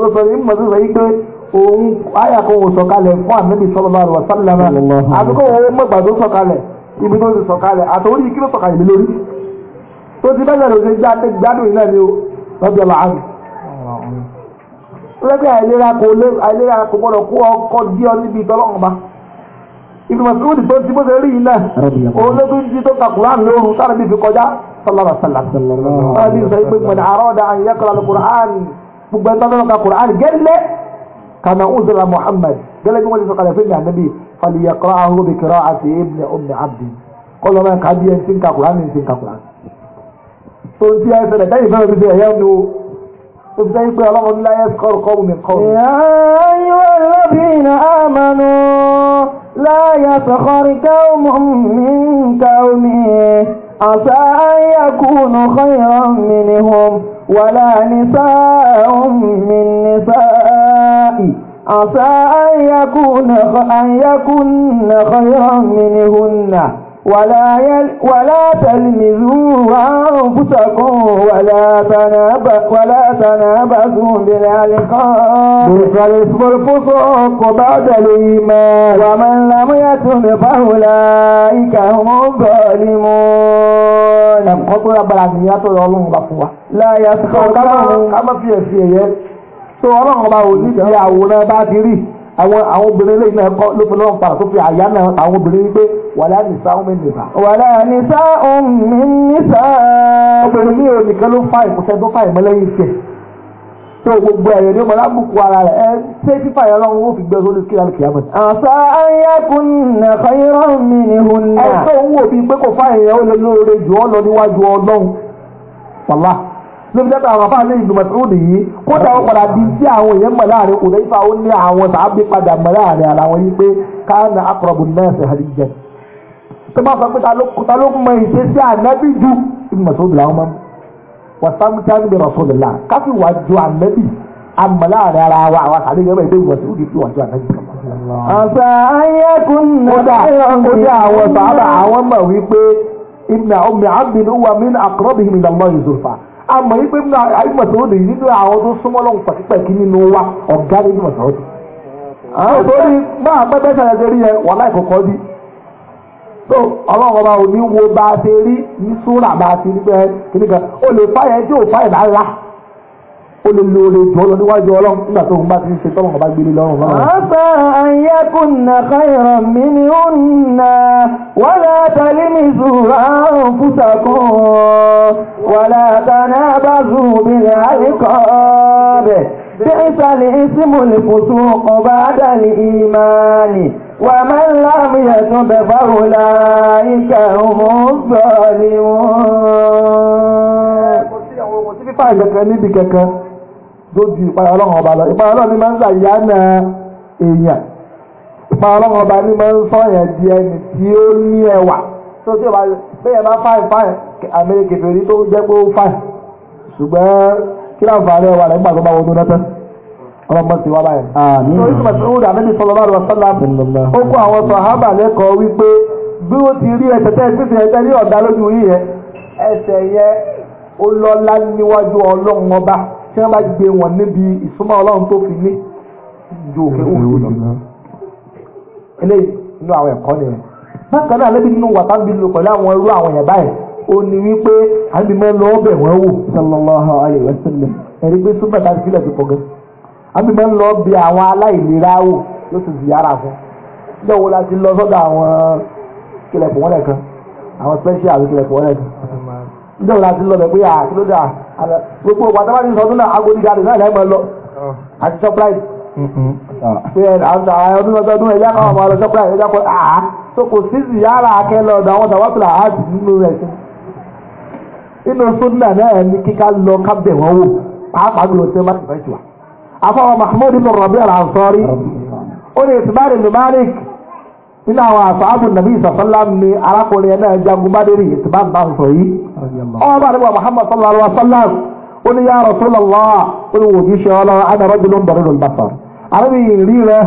sọ sọ yí tó ti bẹ́sẹ̀ ló ṣe gbádùn iná ni ó lọ́jọ́ làánù. lẹ́gbẹ̀ẹ́ àìlera kò lé àìlera kò gbọ́dọ̀ kó ọkọ dí ọ níbi ìtọ́lọ́run bá. ìgbìmọ̀ sùkúrù tó ti bó ṣe rí iná òun ló tún jí tó ka kùrán lóru sáré bí fi kọjá sọlọ́rọ̀ sọlá. sọlá bí sọ pé pẹ̀lú àrọ́dà àyẹ̀kọ́lá kùrán gbogbo ẹ̀ta lọ́ka kùrán gẹ́lẹ́ kàmá uzra Muhammad gẹ́lẹ́ bí wọ́n ti sọ kalẹ̀ fún ìyànnabi faliyakọ́ ahóbi kìrọ́ àti ibn ọmọ abdi kọ́lọ́ máa kà á ń ka kùrán ní ti ń ka kùrán. ohun tí a ṣẹlẹ̀ dáyìí fẹ́rẹ̀ bíbẹ̀ ẹ̀yà ni o ó ti dáyìí pé ọlọ́run ní láyé kọ́rù kọ́rù mi kọ́rù. ìyáyọ lọ́bìnrin àmàlù láyà sọ̀kọ́rì káwọn mi káwọn mi àṣà ayakùnù kọ́yọ̀ mi ni hom wàlá nìṣáà mi nìṣáà. عسى أن يكون خيرا منهن ولا تلمزوا أنفسكم ولا تنابزوا بالألقاب بئس الاسم الفسوق بعد الإيمان ومن لم يتب فأولئك هم الظالمون ẹ̀kọ́ tó lágbára nìyá tó yọ ọlọ́run bá fún wa. láyé àsìkò ká má fi ẹ̀sìn ẹ̀yẹ tó ọlọ́run bá wò nídìí àwòrán bá ti rí àwọn àwọn obìnrin lè náà kọ́ ló fi lọ́n fa àtúnfi àyà náà àwọn obìnrin wípé wàlá nìsa omi nìbà. wàlá nìsa omi nìsa. obìnrin ní òní kan ló fa ìmúṣẹ tó fa ìmọ̀lẹ́yìn tiẹ̀ tó gbogbo ẹ̀yẹ ní ọmọlá bùkù ara rẹ̀ ẹ ṣé fífà yẹn lọ́wọ́ ó fi gbẹ sórí kí lálùkì àmọ́. àṣà ayẹ́kùn nà mi ni náà. ẹ lóbi dẹ́ta àwọn afáàlẹ́ ìlú mọ̀sùlùmí yìí kódà ó padà di sí àwọn èèyàn mọ̀ láàrin òde ifá ó ní àwọn tàbí padà mọ̀ láàrin ara wọn yìí pé káàna akọrọ̀bù náà sì hàrí jẹ. tó bá sọ pé ta ló mọ ìṣe sí ànábì ju ìlú mọ̀sùlùmí làwọn mọ̀ wọ́n sáwọn tí a níbi rọ̀sọ̀lù là káfí wàá ju ànábì àmọ̀ láàrin ara wa àwọn àtàlẹ́ ìyẹn bẹ̀rẹ̀ ìdè Àṣà ayẹ́kùn náà ó dá àwọn a mọ̀ yí pé ayé mọ̀sọ́rọ́ dè nínú àwọn tó súnmọ́ lọ́hùn pàkípàkí nínú wa ọ̀gá ní mọ̀sọ́rọ́ dè. àwọn torí máa pẹ́ bẹ́ẹ̀ sàlẹ̀ torí yẹn wà láì kọ̀kọ́ dí. tó ọlọ́run ọba ò ní wo bá a ṣe rí ní súrà bá a ṣe rí bẹ́ẹ̀ kíníkan ó lè fáyẹ̀ tí ò fáyẹ̀ bá ó lè lo oore jù ọ lọ níwájú ọlọ́run nígbà tó ń bá ti ń ṣe tọ́wọ́n ọba gbélé lọ́rùn lọ́rùn. àbá ayẹ́kùn nà káyọ̀rọ̀ mi ni ó ń nà wàlá tàlí mi zùrà ń fúta kún wàlá tàná bá zùn bí ní àríkọ́ bẹ̀. بئس الاسم الفسوق بعد الإيمان ومن لم يتب فأولئك هم الظالمون tó ju ìpayà ọlọ́run ọba lọ ìpayà ọlọ́run ni máa ń ṣàyà na èèyàn ìpayà ọlọ́run ọba ni máa ń sọ yẹn di ẹni tí ó ní ẹwà tó tí ìwà bẹ́ẹ̀ bá fáìn fáìn àmì kẹfẹ́rí tó jẹ́ pé ó fáìn ṣùgbọ́n kí láǹfààní ẹwà rẹ̀ nígbà tó bá wọnú lọ́tẹ́ ọlọ́mọ ti wá báyìí. torí tí màsíwò dà níbi sọlọ lọ́rọ̀ sọ́lá ó kó àwọn sọ̀hábà lẹ́kọ̀ọ́ wípé bí ó ti rí ẹsẹ̀ tẹ́ ẹsẹ̀ ẹsẹ̀ ní ọ̀dà lójú yìí yẹn ẹsẹ̀ yẹn ó lọ́lá níwájú ọlọ́run ọba tí wọ́n bá gbé wọn níbi ìsúnmọ́ ọlọ́run tó fi ní ju òfin òfin lọ. eléyìí inú àwọn ẹ̀kọ́ nìyẹn. bákan náà lẹ́bi nínú wàtá bí lu pẹ̀lú àwọn irú àwọn èèyàn báyìí ó ní wípé àbí mọ́ lọ bẹ̀ wọ́n wò sallallahu alaihi wasallam ẹ̀rí pé súnmọ́ ìta sílẹ̀ ti pọ̀ gan. àbí mọ́ lọ bí àwọn aláìlera wò ló ti ziyara fún. ilé wo la ti lọ sọ́dọ̀ àwọn kílẹ̀kùn wọn lẹ̀ kan àwọn special kílẹ̀kùn wọn lẹ̀ kan. ilé wo la ti lọ bẹ̀ pé àkílódà Uh, gbogbo pàtàkì ní sọdún náà agodi gàdùn náà lẹ́ẹ̀mọ lọ oh. àti surprise. Mm-hmm. Ah. pé àwọn ọdún náà sọdún ẹ̀yà kan ọmọ ọlọ surprise ẹ̀yà kan àá tó kò sí ziyara akẹ́lẹ̀ ọ̀dọ̀ àwọn tàwátìlà àti nínú rẹ̀ sí. inú sunna náà ní kíkà lọ kábẹ̀ wọ́n wò pàápàá gbèrò sí má tẹ̀fẹ́ tiwa. afọwọ́ mahmood ibn rabi al-ansari ó ní ìtìbárì numeric nínú àwọn àṣàbù nàbí ìsàsọ́lá ni arákùnrin ẹ̀ náà jagun bá dérí ìtìbá ń bá sọ yìí ọba àdúgbò Muhammad sallallahu alaihi wa sallam ó ní ya Rasulullah ó ní wò ní ṣe ọlọ́run ana rajulun barirul basar àrẹ́bí ìrí rẹ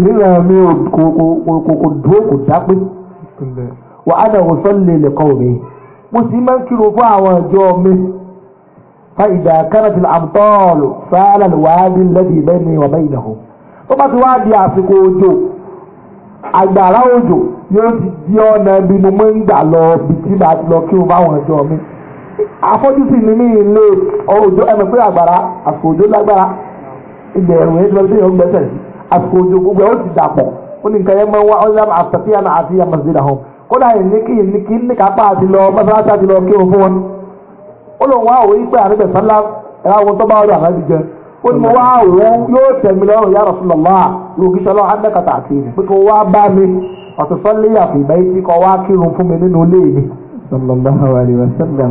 ìrí rẹ mi kò dúró kò dápé wà á dà wòsàn lè mi mo sì máa ń kírun fún àwọn ìjọ mi fa ìdá kánàtì àmtọ́ọ̀lù sáálà wàá dín lẹ́dí lẹ́ni wà ìdàkùn ó bá ti wá di àsìkò òjò Agbara òjò yóò ti di ọ̀nà ibi mo máa ń gbà lọ ibi tí ba ti lọ kí n bá wọn jọ mi. àfojúsùn ni mí ilé òjò ẹ̀mọ̀ pé àgbàrá àsìkò Ojo lágbára yẹn ti lọ sí ìyọ̀ gbẹ́sẹ̀ sí àsìkò òjò gbogbo ẹ̀ ó ti dàpọ̀ ó ní nǹkan yẹn máa na wá ọ̀nà àtàkìyàn àti àmàzìlà hàn kódà ìníkì ìníkì níkàpá àti lọ lọ kí fún wọn. ó lóun wá òwe pé àrígbẹ̀sán lá tó bá ó ní mo wá wò ó yóò tẹ̀mí lọ́rùn ya Rasulullah lóògì sọlọ́ adẹ́kàtà àti ìrìn pé kó wá bá mi ọ̀tọ̀sọ́lé àfìgbẹ́ tí kò wá kírun fún mi nínú ilé mi. sallallahu alaihi wasallam.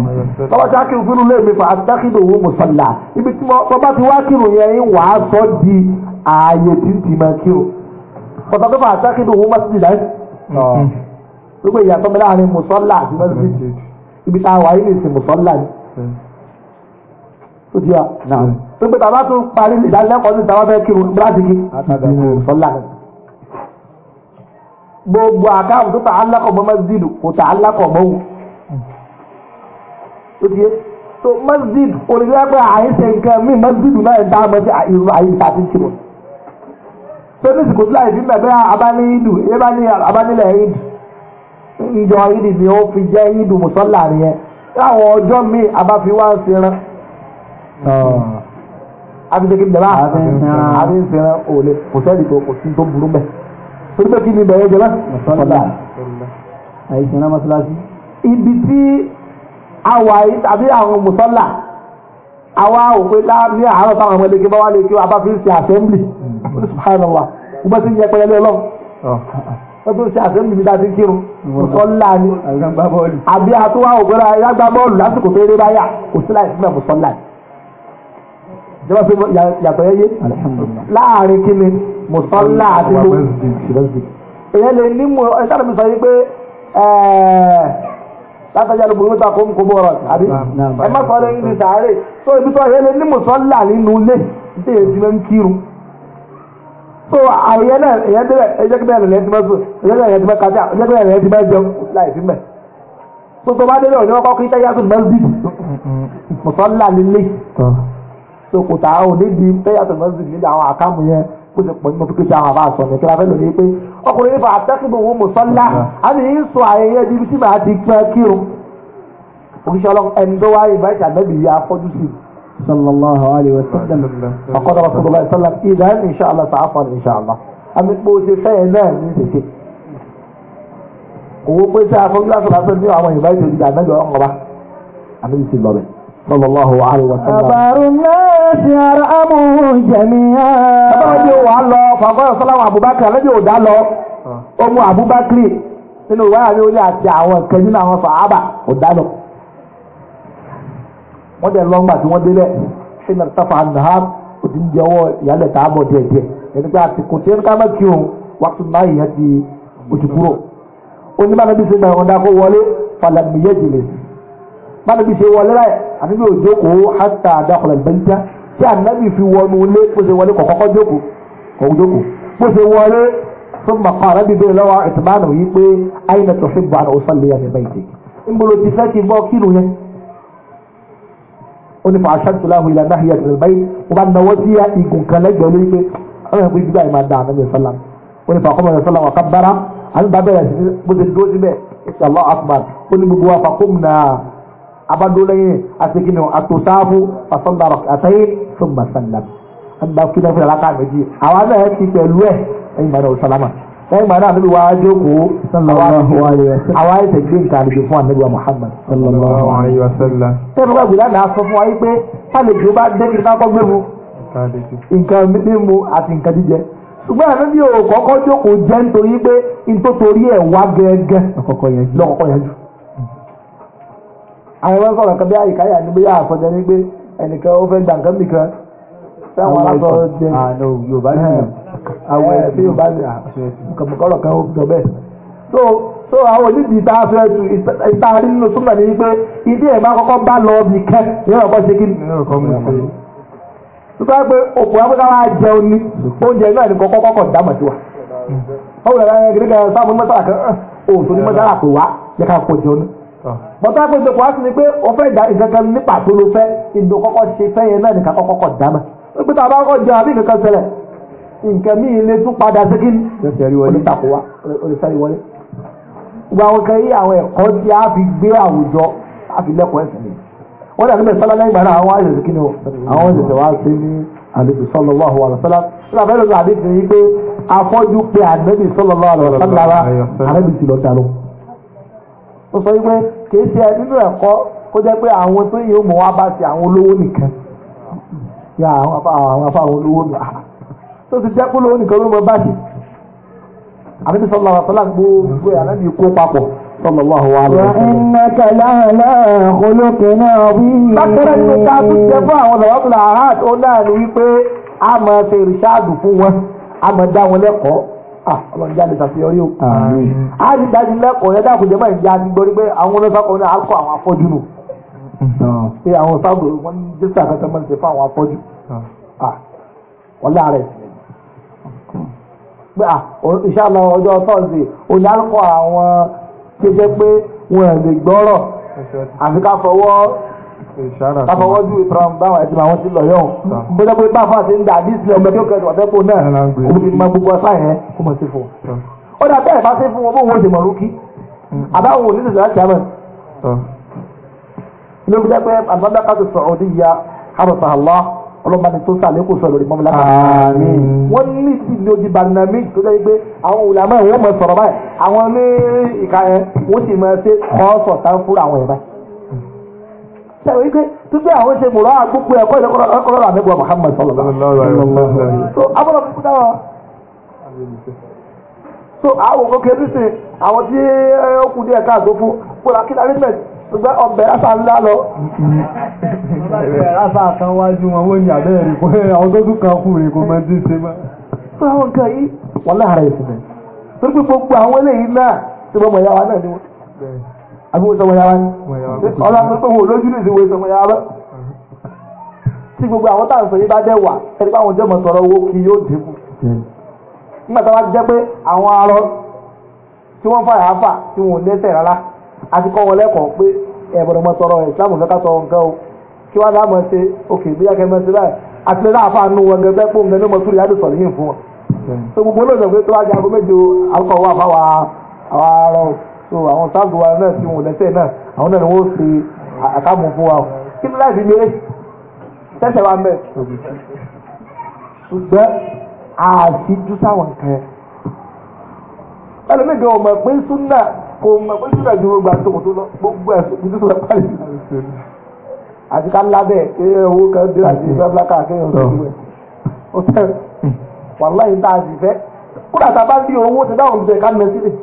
tọ́wọ́ tí a kírun fún ilé mi fún adákìlò owó mùsọ̀lá ibi tí mo bá ti wá kírun yẹn ń wà á sọ di ààyè tí ń tì máa kírun. ọ̀tọ̀ tó fà adákìlò owó mọ́sídìí láì. gbogbo ìyàtọ̀ mi láàrin mùsọ̀lá àti mọ́sídìí ibi tá a wà yìí lè sìn mùsọ̀lá ni ó ti wà náà tó pé bàbá tó parí ìdánilẹ́kọ̀ọ́ ní ìdáwọ́ fẹ́ kí wọn láti kí sọ́lá gbogbo àkáàbù tó tààlákọ̀ mọ́ mọ́sídìdù kò tààlákọ̀ mọ́ wù ó ti yé tó mọ́sídìdù olùdíjẹ́ pé àìsè nǹkan mí mọ́sídìdù náà ń dáhùn mọ́sí irú àyíká ti ń ti wọn tó ní sìkò síláì fi mẹ́fẹ́ abáníyìdù abánilẹ̀ ìdù ìjọ ìdì ni ó fi jẹ́ ìdù mùsọ́là nìyẹn láwọn ọjọ́ míì abáfiwá ń sinran àfihàn oh. kí n bẹ̀rẹ̀ àfihàn fẹ́ràn òòlẹ̀ kò sẹ́ẹ̀dì tó kò sí tó burú bẹ̀ torí pé kí ni bẹ̀rẹ̀ jẹ́ lọ́sọ̀lá àìsàn náà mọ́sálásí. ibi tí àwa tàbí àwọn mùsọ́là àwa òpin ní àárọ̀ táwọn ọmọ ẹlẹ́gbẹ́ bá wà lè kí wọ́n bá fi ń assembly hmm. subhanallah wọ́n bá ti ń yẹ pẹ́yẹ́lẹ́ ọlọ́run wọ́n oh. tún ṣe àṣẹ́lì nígbà tí kírun mùsọ́lá ni àbí àtúwà òpin ra ẹ̀yà gbá bọ́ọ̀lù lásìkò tó eré báyà kò sí láì sílẹ̀ mùsọ́lá ni jọba pé yàtọ̀ yẹ yé láàrin kíni mùsọ́lá àti gbogbo èyẹ lè ní mu ẹ sáré mi sọ yìí pé látàjà lóbùrú mẹ́ta kó ń kó bọ̀rọ̀ àbí ẹ má sọ lẹ́yìn ní sàárè tó ibi tó yẹ lè ní mùsọ́lá nínú ilé tí èyí ti máa ń kírun so àyẹ náà èyẹ ti bẹ ẹjẹ kí bẹ́ẹ̀ lọ lẹ́yìn ti máa sùn ẹjẹ kí bẹ́ẹ̀ lẹ́yìn ti máa kájà ẹjẹ kí bẹ́ẹ̀ lẹ́yìn ti máa jẹun láì fi tó tó bá délé òní wọn kọ́ kí táyà sùn mọ́sídìí mm, mm, mm. mùsọ́lá nílé so kò tà ó ya pẹ́yàtọ̀ mọ́sídìí nídìí àwọn àkámù yẹn kó ṣe pọ̀ nínú kíkẹ́ àwọn àbáṣọ ní kí la fẹ́ lò ní pé ọkùnrin nípa àtẹ́kùnbó wo mùsọ́lá a sì ń sọ ayẹyẹ ní ibi tí màá ti pẹ́ kírun òṣìṣẹ́ ọlọ́run ẹni tó wáyé ìbáyìí ànábì yìí afọ́jú sallallahu alaihi wa sallam ọkọ̀dọ̀ rasulullah sallam Insha Allah inṣàlá sàáfà Insha Allah. àmì pé o ṣe fẹ́yẹ náà ní ìṣèṣe òwò pé sí afọ́jú lásán lásán ní àwọn ìbáyìí tó ti dà náà yọ ọ̀rọ̀ wa àmì ìṣèlọ́bẹ̀ صلى الله عليه وسلم أبار الناس يرأمه جميعا أبار الناس يرأمه فقال صلى الله عليه وسلم الذي أدعى ọmọ Abubakar nínú ìwáyà ní orí àti àwọn ìkẹ́ nínú àwọn sàábà ọ̀dàlọ wọ́n dẹ̀ lọ́ngbà tí wọ́n délẹ̀ ṣé ní ọ̀tàfà àdìhá òtí ń jẹ ọwọ́ ìyálẹ̀ tá a bọ̀ díẹ̀ díẹ̀ ẹni pé àsìkò tí ẹni ká má kírun wàásù náà ìyẹn ti òtí kúrò onímọ̀ àbẹ́bí ṣe náà ọ̀dà kó wọlé falẹ̀ nìyẹn jìnnà bánabi ṣe wọlé láì ànábì ò jókòó hátà àdàkọ̀lẹ̀ bẹ́ńtà tí ànábì fi wọnú ilé bó ṣe wọlé kọ̀kọ́kọ́ jókòó kò jókòó bó ṣe wọlé fún màkà ànábì bẹ́ẹ̀ lọ́wọ́ ìtìmánu yìí pé àyìnà tó fi bọ̀ àná òsàn lè yàgbẹ́ báyìí ńbolo ti fẹ́ kí n bọ́ kí nu yẹn ó ní fàá ṣáàtú láhùn ilẹ̀ náà yẹ tẹ̀lé báyìí ó bá náwó sí igun kan lẹ́gbẹ̀ẹ́ ní fàá kọ́mọ̀ sọ́lá wà ká náà abadolayin asekinu atosafu fasandaro atayin sunba sallam agba kila fún alaka méjì àwọn àgbà yẹn ti pẹ̀lú ẹ̀ ẹ̀yìn bàdà ọ̀sálàmà ẹ̀yìn bàdà àbí wàá jókòó àwọn àìsàn gbé nabi àlejò fún ànábìwá Muhammad. tẹ́lifù gbàgbé lánàá sọ fún wa yìí pé sálejò bá dé kí n bá kọ́ gbé mu nǹkan mímu àti nǹkan jíjẹ ṣùgbọ́n àná bí o kọ́kọ́ jókòó jẹ́ nítorí pé n tó torí ẹ̀ wá gẹ́gẹ́ lọ́kọ̀ọ̀kọ̀ yẹn àwọn ẹgbẹ́ sọ̀rọ̀ kan bí àyíkáyà ní bóyá àfọ̀jẹ́ ní pé ẹnìkan ó fẹ́ gbà nǹkan nìkan sáwọn alábọ̀ jẹ ah, yorùbá ní àwọn ẹbí yorùbá ní kọ̀mọ̀kọ̀rọ̀ kan ó jọ bẹ́ẹ̀. so so àwọn onídìí tá a fẹ́ tu ìta rí nínú súnmọ̀ ní pé ìdí ẹ̀ máa kọ́kọ́ bá lọ bí kẹ́ ìyẹn ọ̀kọ́ ṣe kí ni. nípa pé òpó afẹ́ká máa jẹun ní oúnjẹ náà ní kọ́kọ́ kọ́kọ́ dámọ̀ sí wa. ó wùdà láyé gírígà sáfún mọ́tàlá kan òòtú ní mọ́tàlá pè wá yẹ ká pọ̀ jẹun ní bọ́tá àpéjọpọ̀ á sì ni pé o fẹ́ dá ìkankan ní pàtó ló fẹ́ ìdò kọ́kọ́ ṣe fẹ́ yẹn náà nìkan kọ́kọ́ kọ́ dáná ó pé tá a bá kọ́ jẹun àbí ìkankan ṣẹlẹ̀ nǹkan míì lè tún padà sí kí olùtàkùwá olùsẹ́rí wọlé. gbogbo àwọn kan yí àwọn ẹ̀kọ́ tí a fi gbé àwùjọ a fi lẹ́kọ̀ọ́ ẹ̀sìn ni wọ́n dàbí mẹ́sàn-án lálẹ́ ìgbà náà àwọn àṣẹṣe kí ni o àwọn ìṣẹ̀ṣẹ̀ wá sí ní àlejò sallallahu alaihi wasallam nígbà bẹ́ẹ̀ lọ́sọ̀rọ̀ àdéhùn yìí pé afọ́jú pé àdébì sallallahu alaihi wasallam àdébì ti lọ́ọ́ ó sọ wípé kìí ṣe nínú ẹ̀kọ́ kó jẹ́ pé àwọn tó yẹ mọ̀ wá bá ti àwọn olówó nìkan yà àwọn afọ àwọn olówó nìkan ah, tó ti jẹ́ pé olówó nìkan ló mọ bá ti àbíbí sọlá wa sọlá gbogbo ẹ̀ ànábì kó papọ̀ sọlá wa wà lọ. ẹnna kàlá àlá olókè náà bí. bákẹ́rẹ́ ní ká tún jẹ fún àwọn lọ́wọ́bùlà àhàt ó náà ní wípé a máa ṣe ìrìṣàdù Ah, ọlọ́run jáde ṣàṣeyọrí o. a ti dájú lẹ́kọ̀ọ́ yẹn dákun jẹ́ báyìí já ní gbọ́rí pé àwọn onífàkọ́ ní akọ àwọn afọ́jú nù. pé àwọn sábò wọn ní jésù àkàtà mọ́ ṣe fún àwọn afọ́jú. Ah, ọ̀la rẹ̀ pé ìṣàlọ̀ ah, ọjọ́ tọ́sí òní akọ àwọn ṣe jẹ́ pé wọn ò lè gbọ́rọ̀ àfi ká fọwọ́ Àfọwọ́jú ìtọ́ràn báwọn ẹ̀sìn àwọn ti lọ yọ̀hún. Bó jẹ́ pé báfà ṣe ń dà ní ìsìn ọmọ ẹgbẹ́ òkè ọ̀fẹ́ kò náà. Òun ti mọ gbogbo ọ̀sán yẹn kó mọ̀ sí fún un. Ó dà bẹ́ẹ̀ bá sí fún wọn bóun ó ṣe mọ̀rú kí. Mm. Àbáwọn òní ṣẹ̀ṣẹ̀ láti àmọ̀. Ló fi jẹ́ pé àbábẹ́ ká ti sọ̀rọ̀ ní ìyá Harrison Allah ọlọ́mọdé tó sàlẹ̀ kò sọ lórí mọ́mílá kan. wọ́n ní ti ní odi banami tó dẹ́ pé àwọn olùdámọ̀ ẹ̀ wọ́n mọ̀ sọ̀rọ̀ báyìí àwọn ní ìka ẹ̀ wọ́n sì mọ̀ ṣe kọ́ sọ̀tàn fúra àwọn ẹ̀ báyìí. tẹ̀wé pé pípé àwọn ṣe mùrọ̀ àgbógbó ẹ̀kọ́ ìlẹ́kọ̀ọ́rọ̀ àmẹ́gbọ́ Muhammad sallallahu alaihi wasallam so abọ́lọ̀ fún dáwọ́ so àwọn òkè nísì àwọn tí ọbẹ̀ ńlá lọ. kan wájú wọn wọ́n ní abẹ́ rẹ̀ kó àwọn tó kan kú rẹ̀ kó fún àwọn nǹkan yìí torí pé gbogbo àwọn eléyìí náà wa àbí wọ́n sọ wọ́n yá wá ní ọlá tó tó wò lójú ní ìsìnwó sọ wọ́n yá wá tí gbogbo àwọn táwọn sọ yìí bá dẹ̀ wà ẹni pé àwọn jẹ́ mọ̀ tọrọ owó kí yóò dínkù nígbà tó wá jẹ́ pé àwọn arọ tí wọ́n fàyà fà tí wọ́n lẹ́sẹ̀ rárá àti kọ́ wọn lẹ́kọ̀ọ́ pé ẹ̀bọ̀dọ̀ mọ̀ tọrọ ìsìlámù fẹ́ ká tọrọ nǹkan o kí wọ́n dáhùn ṣe òkè bí yàgẹ́ mẹ́sẹ̀ báyìí àti lẹ́sẹ̀ àfa nu wọn gẹ́gẹ́ pé òun gẹ́gẹ́ mọ̀ túlẹ̀ yàtọ̀ sọ̀rọ̀ yìí fún wọn. so gbogbo olóòtú tó bá jẹ́ aago méje àkọ́kọ́ wà fáwọn àwọn arọ so àwọn sáàgù wa náà tí wọn lẹ́sẹ̀ náà àwọn náà ni wọ́n ṣe àkàmù fún wa kí ni láti lé tẹ́sẹ̀ wa mẹ́ ṣùgbọ́n àṣìjú sáwọn kẹ ẹlẹ́mìí gan ọmọ pé súnà kò mọ̀ pé súnà ju gbogbo àti tòmọ̀tò lọ gbogbo ẹ̀sùn kí sísọ ẹ̀pá yìí àti ká lábẹ́ kí owó kan dé àti ìfẹ́fẹ́ káàkiri ọ̀sẹ̀ ọ̀sẹ̀ wàláyé tá a sì fẹ́ kódà tá a bá bí owó ti dáhùn bẹ́ẹ̀ ká mẹ́sílẹ̀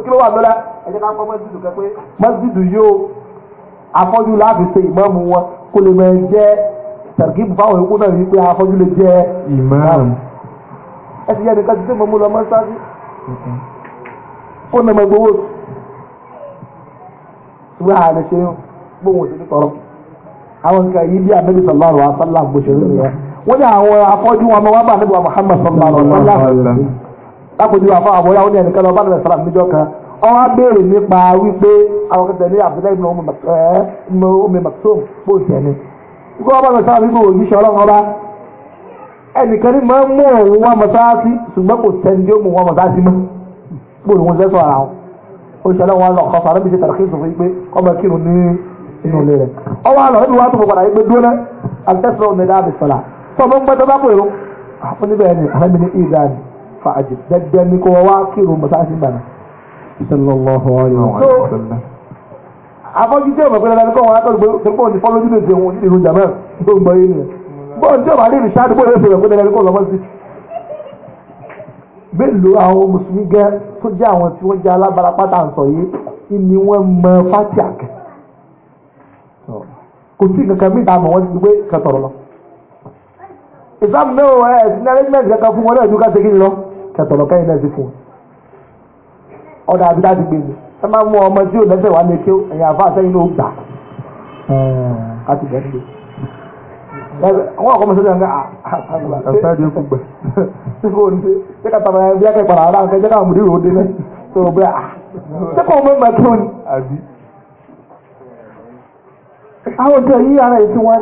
kí ló wà lọ́la ẹ jẹ́ ká kọ́ mọ́sídù kan pé mọ́sídù yóò afọ́jú láti ṣe ìmáàmù wọn kó lè máa jẹ́ tẹ̀gíbù fáwọn yòókù náà wípé afọ́jú lè jẹ́ ìmáàmù. ẹ ti yẹ nìkan ti tẹ́ mọ́ mú lọ mọ́sáájú kó nà mọ́ gbowó ṣùgbọ́n àlè ṣe gbóhùn òṣèlú tọrọ àwọn nǹkan yìí bí àbẹ́bí sọ̀lá àwọn afọ́jú wọn máa wá bá àbẹ́bí wa Muhammad sọ̀lá àrùn àṣálà lápòjú àfa àbọ̀yá ó ní ẹnìkan lọ bá nàlẹ́ sàrà níjọ́ kan wọ́n á béèrè nípa wípé àwọn kẹsẹ̀ ní àbúlẹ̀ ìmọ̀ omi maxom bó ṣẹ̀ ni. ikú ọba mẹ́ta mi kò yíṣẹ́ ọlọ́run ọba ẹnìkan ní máa ń mú òun wá mọ́sáàsì ṣùgbọ́n kò sẹ́ni tí ó mú wá mọ́sáàsì mọ́ bó ni wọ́n sẹ́sọ̀ ara wọn. ó ṣe ọlọ́run wọn lọ kọ́ sàrẹ́bí ṣe tàràkì sọ fún pé ọmọ kírun ní inú ilé rẹ̀. ọwọ́ àlọ́ ẹ̀mí wa tó fàájì dẹ́dẹ́ ní kó wá kírun mọ́sáàsì gbàgbà. sallallahu alayhi wa sallam. afọ́jú tí ọmọ ìpínlẹ̀ lẹ́nu kọ́ wọn látọ̀ gbé pọ̀ ní fọ́lójú lè ṣe òun ìrùn jàmẹ́ tó ń gbọ́ yé nìyẹn. bọ́ọ̀ tí ọmọ àdéhùn ṣáà dúpọ̀ lẹ́sẹ̀ ìpínlẹ̀ lẹ́nu kọ́ lọ́mọ sí. bẹ́ẹ̀lú àwọn mùsùlùmí gẹ́ tó jẹ́ àwọn tí wọ́n jẹ́ alábara pátá ń sọ yìí ni wọ́n mọ fátì àkẹ́. kò sí kankan mí ta mọ̀ wọ́n ti gbé kẹtọ̀rọ̀ lọ. ìsáàmù mẹ́wàá ẹ̀ sí ní arẹ́gbẹ̀ẹ́sì kankan fún wọn náà ju ká ṣe kí ni lọ kẹtọ̀lọ́ kẹ́yìn náà sì fún ọ̀dà àbí láti gbé mi ẹ máa mú ọmọ tí ò lẹ́sẹ̀ wá lè kí ẹ̀yìn àfa àtẹ́yìn ló gbà láti bẹ̀rẹ̀ lé wọ́n kọ́ mọ̀sọ́dọ̀ ẹ̀ka ah, ah, ah, àtàkùn àgbà tí kò ní ṣe ká tàbí ẹbí akẹ́kọ̀ọ́ àwọn ará kẹjẹ́ káwọn mùdírò ó dé náà tó o bẹ́ẹ̀ à ṣé tó ni. àwọn tó yí ara ètò wọn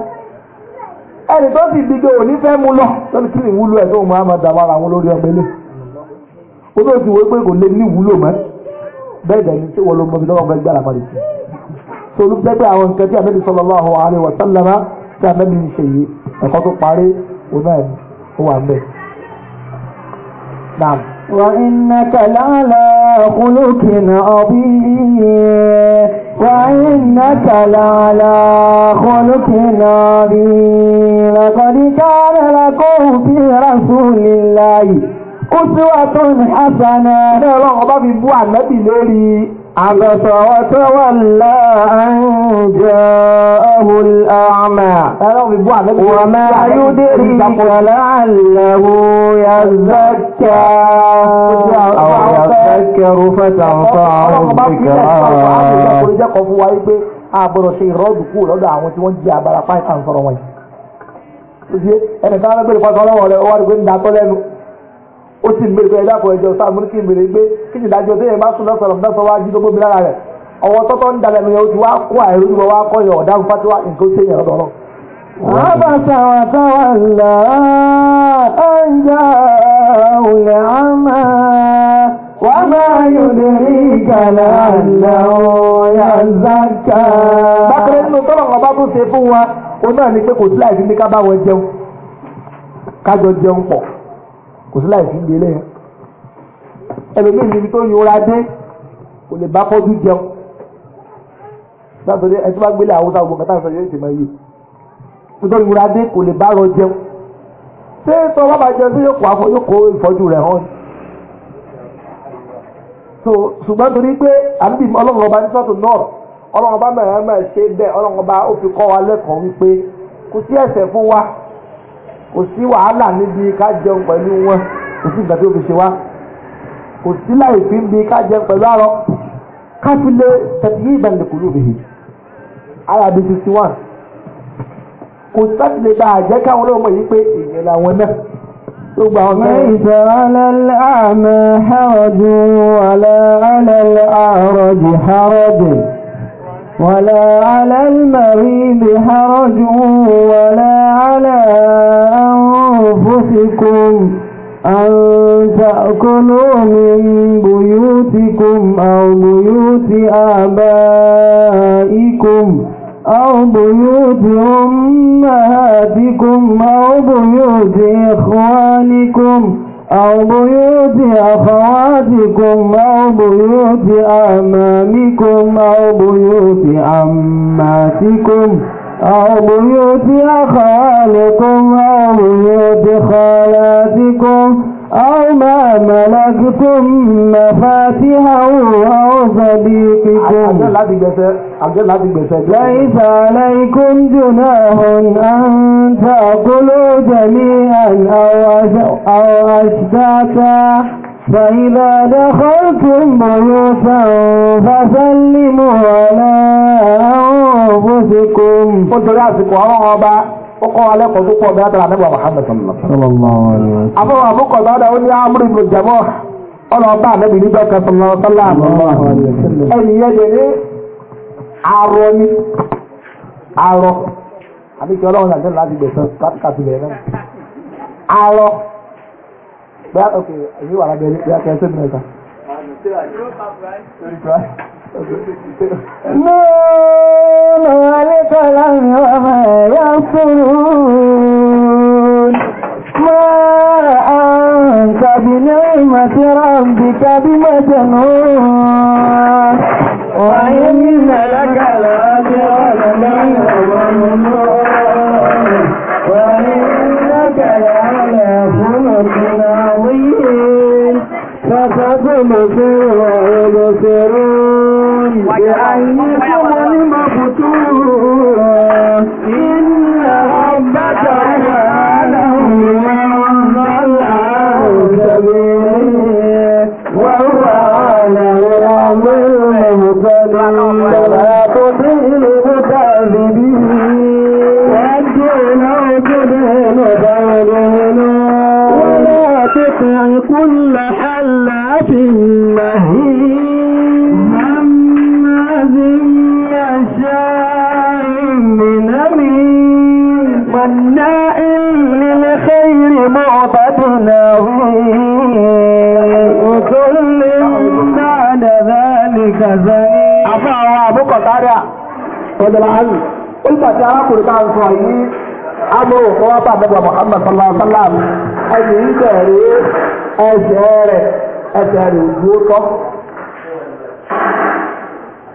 ẹnì tó ti di pé òní fẹ́ mú lọ lọ́dún kí ni ìwúlò ẹ̀ tó mú àmọ́ dàbọ̀ àwọn olórí ọmọ tó tó ti wọ́n pé kò lè ní ìwúlò mọ́ bẹ́ẹ̀ dẹ̀ ní tí wọ́n ló mọ ibi lọ́wọ́ fẹ́ gbára padì sí so ló fẹ́ pé àwọn nǹkan tí ànábì sallallahu alaihi wa sallama tí ànábì ń ṣe yìí ẹ̀kọ́ tó parí òun náà ó wà ń bẹ̀. Naam. وإنك لعلى خلق عظيم وإنك لعلى خلق عظيم لقد كان لكم في رسول الله uswatun hasana ní ọlọ́run ọba fi bú ànábì lórí àbẹ̀sọ̀ ọ̀tọ́ wà láàájẹ́ ọ̀hùn àmà fi bú ànábì lórí àbẹ̀sọ̀ láàájẹ́ ọ̀hùn àmà àbọ̀rọ̀ ṣe ìrọ́dù kú lọ́dọ̀ àwọn tí wọ́n jẹ́ abára fáìkà ó si ń bèrè pé ẹ̀dá àpọ̀ ẹ̀jẹ̀ ọ̀sán amúnikí ń bèrè pé kí ni ìdájọ́ tó yẹ bá sùn lọ́sọ̀rọ̀ lọ́sọ̀ wá jí gbogbo mìíràn rẹ̀ ọwọ́ tọ́tọ́ ń dalẹ̀ mi ó ti wá kó àìrí ìwọ wá kọ́ ìyọ̀ ọ̀dà nǹkan tí wà nǹkan ṣe yẹn lọ́dọ̀ náà. عبس وتولى أن wa kò sí láì sí ìdílé yẹn ẹlòmíì níbi tó yọra dé kò lè bá fọ́jú jẹun sáàtọ̀dé ẹtí bá gbélé àwọn táwọn bọ̀kátà sọ yóò ṣe máa yé tó yọra dé kò lè bá rọ jẹun ṣé sọ bàbá jẹun sí yóò kó ìfọ́jú rẹ̀ hàn so ṣùgbọ́n torí pé àbí ọlọ́run ọba ní sọ́tún náà ọlọ́run ọba mẹ́rin mẹ́rin ṣe bẹ́ẹ̀ ọlọ́run ọba ó fi kọ́ wa lẹ́kọ̀ọ́ wípé kò sí ẹ̀ṣẹ̀ fún wa kò sí wàhálà níbi ká jẹun pẹ̀lú wọn kò sí nǹkan tí ó fi ṣe wá kò sí láì fi ń bi ká jẹun pẹ̀lú àrọ ká fi ìbẹ̀lẹ̀ kúrú bìí ara bíi sixty one kò sátìlẹ̀ bá àjẹ́ káwọn olóòmọ yìí pé èèyàn làwọn náà tó gba àwọn kan. ìfẹ́ alẹ́lẹ́ àmì hẹ́rọ̀dì wàlẹ́ alẹ́lẹ́ àrọ̀dì hẹ́rọ̀dì wàlẹ́ alẹ́lẹ́ بيوتكم أن تأكلوا من بيوتكم أو بيوت آبائكم أو بيوت أمهاتكم أو بيوت إخوانكم أو بيوت أخواتكم أو بيوت أمامكم أو بيوت عماتكم أو بيوت أخوالكم أو بيوت خالاتكم أو ما ملكتم مفاتحه أو صديقكم ليس عليكم جناح أن تأكلوا جميعا أو أشتاتا فإذا دخلتم بيوتا فسلموا على أنفسكم قلت رأسك وهو أبا Ọkọ̀ alẹ́kọ̀ọ́ tó pọ̀ bí átàrà nígbà Mùhàmmad sallallahu alaihi wasallam. Afọ́wà àbúkọ̀ bá dá ó ní àmúrí ìlú jẹmọ́ ọlọ́ọ̀bá àmẹ́bì nígbà kan sallallahu alaihi Ẹni yẹ́ bá ọkọ̀ èyí wà lábẹ́ bí akẹ́ ẹsẹ̀ mẹ́ta. Mẹ́ẹ̀mọ̀ alẹ́kọ̀ọ́ láàrin ọmọ ẹ̀yà خلق عظيم فسوف تبصرون بأيكم afọ àwọn àbúkọ̀tárà, ọjọ́lá àánú, olùpàtí arákùnrin ká ń sọ yìí, agbóhùn fún Muhammad salam alaihi wasallam, ẹni ń tẹ̀rẹ̀ ẹsẹ̀ rẹ̀, ẹsẹ̀ rẹ̀ ògbó tọ́.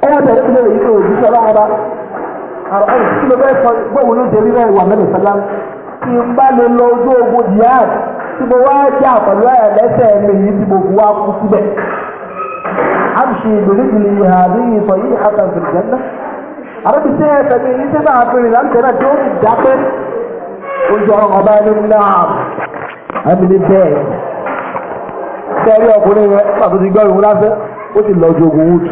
Ó wá tẹ̀lé ilé yìí kò fẹ́ sọ gbóhùn ló rẹ̀ wà mẹ́rin sọ́lá. lọ ojú ogun jihad tí mo wá ẹ̀ lẹ́sẹ̀ mi yìí tí mo fi wá kú síbẹ̀. أمشي برجلي هذه صيحة في الجنة أردت سيئة تبيني سبعة في الإسلام كنا جون الدقل وجعوا قبال النار أمن البيت sẹ́rí ọkùnrin rẹ̀ pàtó ti gbọ́ ìwọ̀n lásán ó ti lọ jogun wúdù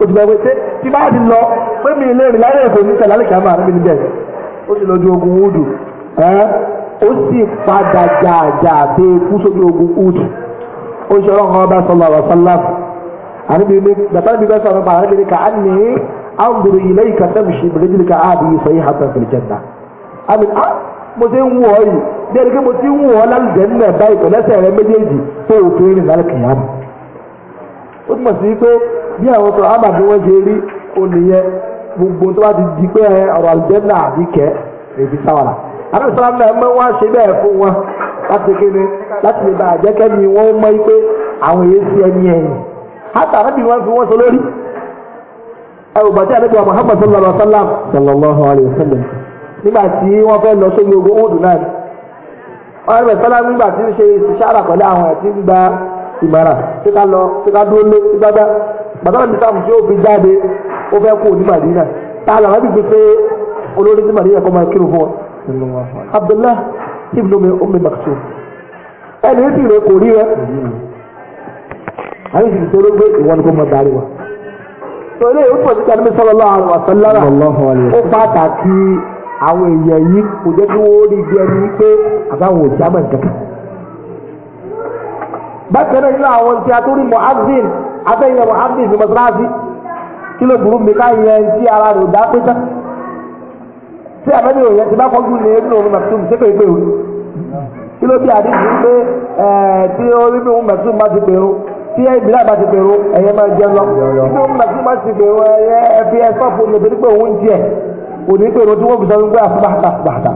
ó ti lọ pé tí tí bá ti lọ pé mi lè rìn láyé èkó ní tẹ̀lé alẹ́ kìámà níbi níbẹ̀ ó ti lọ jogun wúdù ó sì padà jàjà bẹ́ẹ̀ kú sójú ogun wúdù ó ṣe ọlọ́run ọba sọlọ ọ̀rọ̀ sọlá àníbìrì bàtà níbi bẹ́sẹ̀ ọ̀rọ̀ bàtà níbi ká á ní àǹdùrù ilé ìka tẹ́bùsì bìrìjìlì ká á bìí sọ yìí hàtàn fìlì jẹ́nà àmì á ah, mo ti ń wọ̀ yìí bí ẹni pé mo ti ń wọ̀ lálùjẹ́ nínú ẹ̀bá ìpẹ̀lẹ́sẹ̀ rẹ méjèèjì tó o fi rìn lálẹ́ kìyàmù ó túmọ̀ sí pé bí àwọn sọ̀rọ̀ àmà bí wọ́n ṣe rí olùyẹ gbogbo tó bá ti di pé ọ̀rọ̀ àlùjẹ́ náà àbíkẹ́ èbí sáwàlà àbẹ̀sọ́lá náà mọ́ ṣe bẹ́ẹ̀ fún wọn láti kéde láti lè ba àjẹ́kẹ́ ni wọ́n mọ̀ pé àwọn èyí sí ẹni ẹ̀yìn hátà wọn fi wọ́n sọ lórí ẹ̀rù bàtí àbẹ̀bí wa Muhammad sallallahu alayhi wa sallam sallallahu alayhi wa sallam nígbà tí wọ́n fẹ́ lọ sórí ogun òdù náà wọ́n rẹ̀ sọ́lá nígbà tí ń ṣe pẹ̀lú àwọn ẹ̀tí gba ìmọ̀ràn tí lọ tí dúró lé tí bàtà àbẹ̀bí sáà tí a pé olórí Abdullah ibn Ummi Maktum ẹni tí rẹ kò rí rẹ àwọn ìsìn tó ló gbé ìwọ ni kò mọ darí wa torí èyí pọ̀ síta níbi sọ́lọ́lá àwọn àtọ́lára ó pàtàkì àwọn èèyàn yìí kò jẹ́ kí wọ́n rí bí ẹni wípé àbáwọn ò jámọ̀ nǹkan bákan náà nínú àwọn tí a tó rí muhammed abẹ́yẹ muhammed ní mọ́sálásí kí ló burú mi ká yẹn tí ara rẹ̀ ò dá pé tán tí àbẹ́bí òye ti bá kọjú lé nínú omi màtúmù ṣé pé pé o kí ló bí àdéhùn pé tí orí bí omi màtúmù bá ti pèrò tí ìbílẹ̀ bá ti pèrò ẹ̀yẹ máa jẹun lọ tí omi màtúmù bá ti pèrò ẹ̀yẹ ẹ̀fí ẹ̀ sọ́ọ̀fù ní ìbí pé òun jẹ òní pèrò tí wọ́n fi sọ wípé àfúbàtà àfúbàtà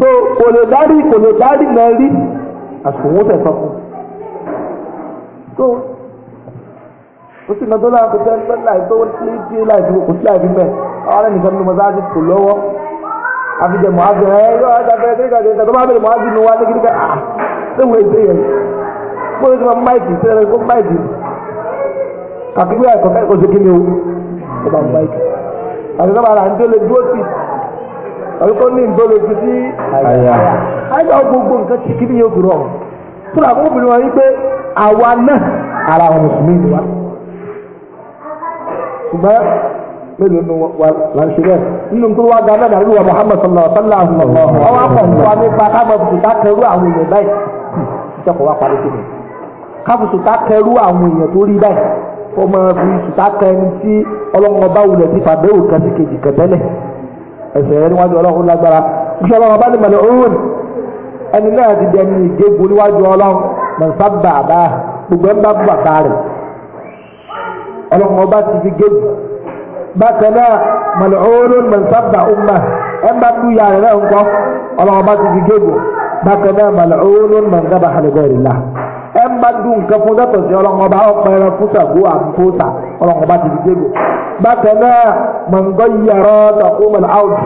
so kò lè dárí kò lè dárí náà rí àsùnwó tẹ̀ sọ́kù ó sì náà tó láwọn kò tẹ́ láì tó tí tí láì fi kò sí láì fi bẹ́ẹ̀ àwọn ẹni nìkan ní mo sáájú kò lọ́wọ́ àfijẹ́ mọ̀hájú ẹ yóò ẹ dàbẹ̀ kíríkà kíríkà tó bá bẹ̀rẹ̀ mọ̀hájú ni wá ní kíríkà à léwu èdè yẹn mo lè sọ máìkì sẹ́rẹ̀ kó máìkì kàkígbé ẹ̀kọ́ kẹ́kọ̀ọ́ sí kí ni o ó bá máìkì àti sábà là ń tó lè dúró sí àbí kó ní ìgbó lè fi sí àyà àyà gbogbo nǹkan obìnrin wọn yí pé àwa náà ara àwọn mùsùlùmí ni wa ṣùgbọ́n mélòó ni wà ń ṣe bẹ́ẹ̀ nínú tó wá ga náà dàrú wa Muhammad sallallahu alaihi wa sallam wọn wá pọ̀ nípa nípa kábọ̀tù ká kẹrú àwọn èèyàn báyìí ìjọkọ̀ wá parí sí mi kábọ̀tù ká kẹrú àwọn èèyàn tó rí báyìí ọmọ fi sùtá kẹni tí ọlọ́run ọba wulẹ̀ ti fàbẹ́wò kan sí kejì kẹtẹ́lẹ̀ ẹ̀sẹ̀ rẹ níwájú ọlọ́run lágbára iṣẹ́ ọlọ́run ọba ní mọ̀lẹ́ òun ẹni náà ti dẹni ìgégun níwájú ọlọ́run mọ̀ sábà bá gbogbo ẹ̀ ń bá bàbá rẹ̀ ọlọ́run ọba ti fi géèjì bákan náà mọ̀lẹ́hóró mọ̀nsábà ọmọ ẹ̀ ń bá tú ìyá rẹ̀ náà ń kọ́ ọlọ́run ọba ti fi géèjì bákan náà mọ̀lẹ́hóró mọ̀nsábà àlẹ́gbẹ̀rẹ̀lá ẹ̀ ń bá dùn nǹkan fún dọ́tọ̀ sí ọlọ́run ọba ọ̀pẹ̀rẹ̀ fúsàgó àkóta ọlọ́run ọba ti fi géèjì bákan mọ̀ngọ́ yìí ẹ̀rọ tàkó mọ̀lẹ́hóró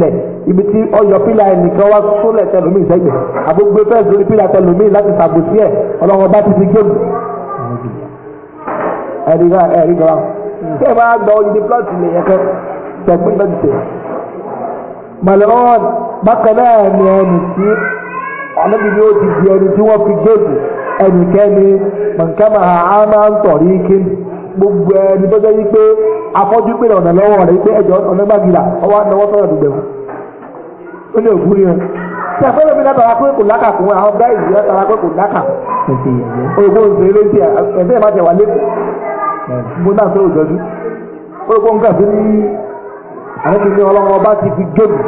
náà ibi tí ọyọ pílà ẹnìkan wá sólẹ̀ tẹlómi ìsẹ́gbẹ̀ àgbègbè fẹ́ẹ́ sórí pílà tẹlómi láti ṣàbòsí ẹ̀ ọlọ́run ọba ti fi géèmù. ẹ̀rí gbà ẹ̀rí kí ẹ máa gba olùdí plọ́ọ̀tì lè yẹ kẹ́ tẹ̀gbìn náà dìde. màlẹ́wọ́n bákan náà ni ẹni tí ni ó ti di ẹni tí wọ́n fi géèmù ẹnìkẹ́ni mọ̀nkẹ́mà ń tọ̀rí kí gbogbo ẹni tó jẹ́ afọ́jú pé ọ̀nà lọ́wọ́ ó lè wú yẹn tí a fẹ́rẹ̀ mi látara pé kò lákà fún àwọn ọ̀gá ìlú látara pé kò lákà olùkó ń sèré lóṣìṣẹ́ ẹ̀fẹ́ ìbá tẹ̀ wà lẹ́kọ̀ọ́ mo náà fẹ́ òjọ́jú olùkó ń kà sí ní àrẹ́kìnrin ọlọ́run ọba ti fi jóòdù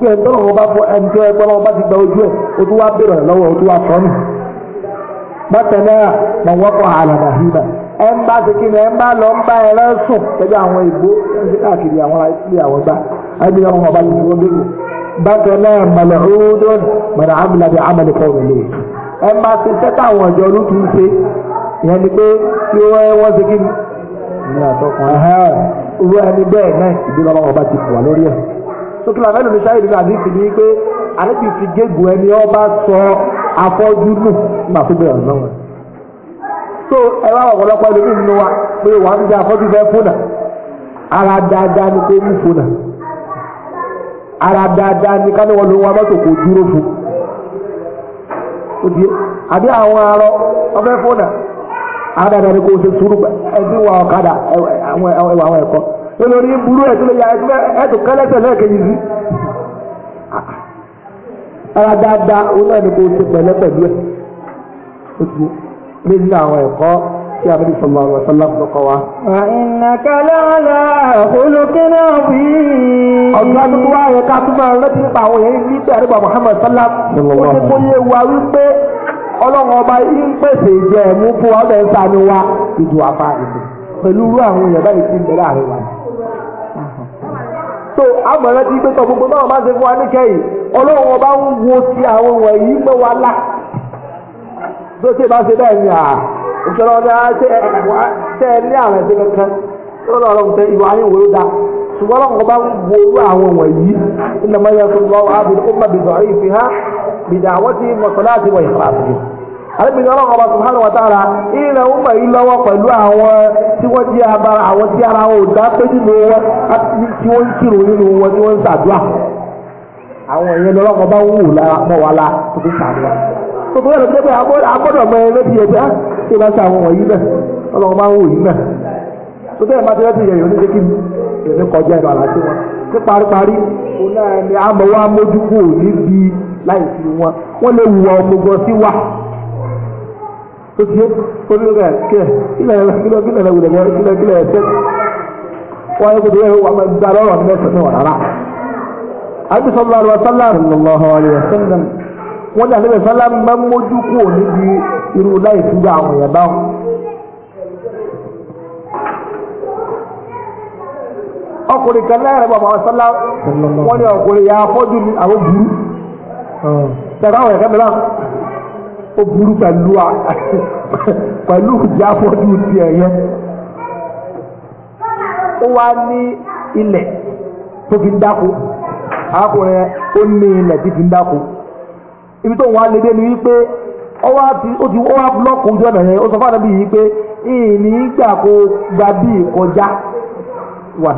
pé ẹni tọ́lọ́run ọba fún ẹni tọ́lọ́run ọba ti gba ojú ẹ̀ ó tún wá bèrè lọ́wọ́ ó tún wá sọ́nù bákan náà nà wọ́n kọ́ àlàdà híbà ẹ ń bá sikin ẹ ń bá lọ ń bá ẹ lẹ́sùn pẹ̀lú àwọn ìgbó ṣe káàkiri àwọn ilé àwọn gbà ẹbí ọmọ ọba yìí wọ́n dúró bákan náà mọ̀lẹ́húndún mọ̀lẹ́ amúnadé amẹ́lẹ́kọ̀ wọlé ẹ ń bá ti sẹ́tà àwọn ọ̀jọ́ lùtù ń ṣe ìyẹn ni pé kí wọ́n sikin ní àtọkùnrin irú ẹni bẹ́ẹ̀ náà ìdílé ọlọ́wọ́ ọba ti fùwà lórí ẹ̀. sókè làwọn afọ lù nígbà tó bẹ̀rẹ̀ so ẹ wá ọ̀pọ̀lọpọ̀ nínú wa pé wà á fúnà ara dáadáa ni pé mú fúnà ara dáadáa ni káníwọ̀n ló ń wa kò dúró fún àbí àwọn arọ ọfẹ́ fúnà ara dáadáa ni kò ṣe sùúrù ẹbí wa ọ̀kadà àwọn lórí burú ya sí. ara dáadáa òun náà ni kò ṣe pẹ̀lẹ́ pẹ̀lú ẹ̀ oṣù nínú àwọn ẹ̀kọ́ tí a bẹ̀rẹ̀ sọ̀rọ̀ àwọn sọ́lá lọ́kọ̀ wa. àìnàkà lọ́la olùkẹ́lẹ́ òbí. ọ̀gá tuntun yẹ ká tún máa rántí nípa àwọn èèyàn ní ìgbà nípa Muhammad sallam. ó ti kó yé wa wípé ọlọ́run ọba yìí ń pèsè ìjẹ́ ẹ̀mú fún ọ̀dẹ̀ ń sanu wa ìdù àfa ìlú pẹ̀lú irú àwọn èèyàn báyìí ti ń àríwá so àmọ̀ràn ti gbé tọ̀ gbogbo náà má ṣe fún wa níkẹyìn ọlọ́run ọba ń wo ti àwọn wọ̀nyí pé wa là tó ṣe bá ṣe bẹ́ẹ̀ ni à ìṣòro ọdẹ ṣe ẹ ní àwọn ẹ̀sìn kankan tó lọ́ọ́ ọlọ́run tẹ ìwà yín wò da ṣùgbọ́n ọlọ́run ọba ń wo irú àwọn wọ̀nyí ìlànà yẹn tó lọ́wọ́ àbùkù mọ̀bìtọ̀ ìfihàn bìdà àwọn tí mọ̀sálásí àlébìnrin ọlọ́run ọba subhanahu wa ta'ala ilẹ̀ ọmọ yìí pẹ̀lú àwọn tí wọ́n jẹ́ abara àwọn tí ara wọn ò dá nínú wọn tí wọ́n ń kírun nínú wọn tí wọ́n ń àwọn la tó fi gbogbo ẹ̀rọ pé agbọ́dọ̀ mọ ẹ lẹ́bi ẹ̀dá tí àwọn wọ̀nyí bá wù yìí bẹ́ẹ̀ oṣù onígbà kílẹ̀ kílẹ̀ kílẹ̀ kílẹ̀ wùlẹ̀ mọ́ kílẹ̀ kílẹ̀ ẹ̀ṣẹ́ wọ́n yẹ kó tó yẹ wà máa gba lọ́rọ̀ ní mẹ́sàn-án wà rárá. àbí sọ́lá rẹ̀ sọ́lá lọ́lọ́họ́ rẹ̀ sẹ́ńdẹ̀m wọ́n dà níbẹ̀ sọ́lá máa ń mójú kú níbi irú láì túbọ̀ àwọn èèyàn báwọn. ọkùnrin kan náà rẹ̀ bọ̀ àwọn sọ́lá wọ́n ní ọkùnrin yà ó burú pẹ̀lú pẹ̀lú ìjábọ̀dù ti ẹ̀yẹ ó wá ní ilẹ̀ tó fi ń dáko arákùnrin ó ní ilẹ̀ tí fi ń dáko ibi tó ń wá lédè ni wípé ó wá búlọ́ọ̀kù ojú ọ̀nà yẹn ó sọ fáwọn ẹbí yìí pé ìní ìgbà kó gba bí ìkọjá wà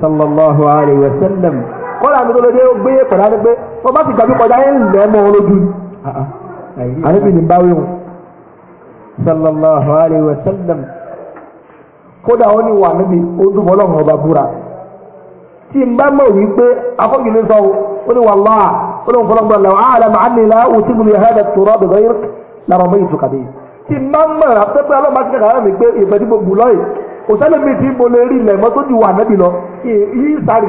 sallallahu alayhi wa sallam kọ́lá mi tó lóde ó gbé pẹ̀lú àti pé wọ́n bá ti gbàgbé kọjá ẹ̀ ń lẹ́ mọ́ ah, ah. àníbi ní bá wíwọ̀n sallallahu alayhi wa sallam kódà ó ní wà níbi ó dúpọ̀ ọlọ́run ọba búra tí n bá mọ̀ wípé afọ́jú ló sọ ó ní wàlláà ó lóun fọlọ́gbọ́n lọ àlà màá ní ilà ó ti gbìyànjú ẹ̀hẹ́dà tòrọ bẹ̀rẹ̀ yìí lára ọmọ ìtùkà dé tí n bá mọ̀ àpẹẹrẹ ọlọ́run bá mi pé ìfẹ́ tí lọ́yìn òsèlè mi ti mo lè rí ilẹ̀ tó ju wà níbi lọ yìí sáré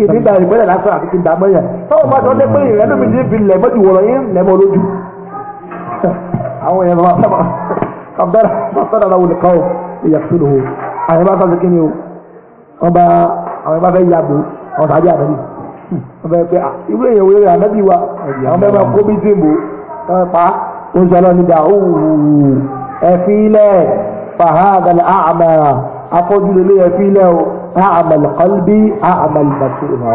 ìdí ìgbà ìgbẹ́lẹ̀ lásán àti ti dàmọ́ yẹn táwọn bá sọ dé pé ìrẹ́ lómi ti fi lẹ̀mọ́ ju wọ̀rọ̀ yín lẹ̀mọ́ lójú. àwọn èèyàn máa sábà kàbdára sọ́dà náà wòlé káwọ̀ ìyàtúndò wò àwọn ìbá sọ́dọ̀ kí ni o wọ́n bá àwọn ìbá fẹ́ ya bò àwọn sàájà àdàbì wọ́n fẹ́ pé irú èèyàn wo eré àdàbì wa àwọn bẹ́ẹ̀ máa kó bí tí mò ń pa ó ń sọlọ́ a'mal qalbi a'mal basira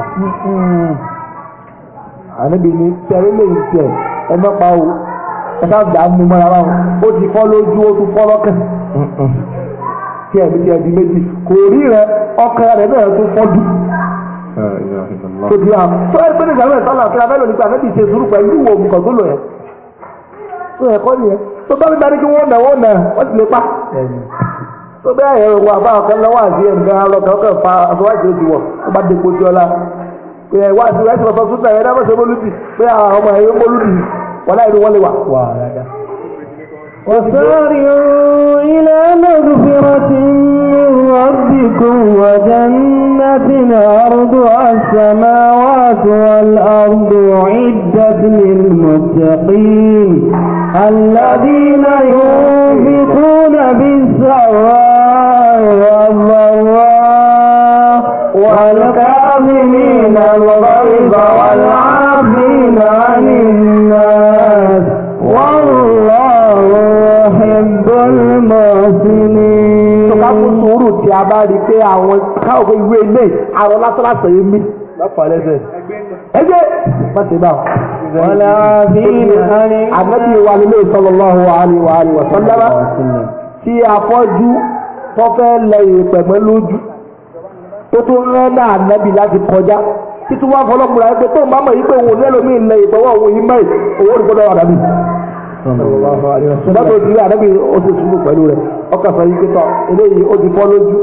ànábì ní tẹ̀rí lè tẹ̀ ẹ mẹ́pa o ẹ ká dà mú mọ́ra wa ó ti fọ́ lójú ó tún fọ́ lọ́kàn tí ẹ̀mí ti ẹ̀dí méjì kò rí rẹ ọkàn rẹ náà tún pé nígbà ṣe sùúrù pẹ̀lú ìwò òmùkọ̀ tó lò yẹn tó ẹ̀kọ́ nìyẹn tó bá mi darí kí wọ́n nà wọ́n nà wọ́n sì lè pa. tó bẹ́ẹ̀ yẹ wọ àbáwọn kan lọ́wọ́ àti ẹ̀ǹkan lọ́kàn ọkàn fa àfọwáṣe ojú wọ̀ ó bá dé kojú ọlá pé ẹ̀ wá sí ẹ̀sìn ọ̀sán súnà ẹ̀dá mọ̀ṣẹ́ mọ́lúdì pé àwọn ọmọ ẹ̀yẹ mọ́lúdì wọ́n láì ní wọ́n lè wà. وسارعوا إلى مغفرة من ربكم وجنة أرضها السماوات والأرض أعدت للمتقين الذين ينفقون بالسراء والكاظمين الغيظ والعافين عن الناس والله يحب المحسنين tó ká fún sùúrù tí a bá rí pé àwọn káwọ́ ìwé ilé àrùn lásánlásán yìí mí lọ́pàá lẹ́sẹ̀ ẹgbẹ́ pàṣẹ bá wọn àbẹ́bí wa nílé sallallahu alaihi wa sallam tí afọ́jú tó fẹ́ lẹ́yìn pẹ̀mẹ́ lójú tó tún rán náà nábì láti kọjá títí wọ́n fọlọ́kùnrin àyẹ̀pẹ́ tó ń bá mọ̀ yí pé òun lẹ́lòmíì ń lẹ ìtọ́wọ́ òun yìí mẹ́yì owó ní gbọ́dọ̀ àdàbì. sọ́dọ̀ ti rí àdàbì oṣù sùúrù pẹ̀lú rẹ̀ ọkà sọ yìí kíkọ eléyìí ó ti fọ́ lójú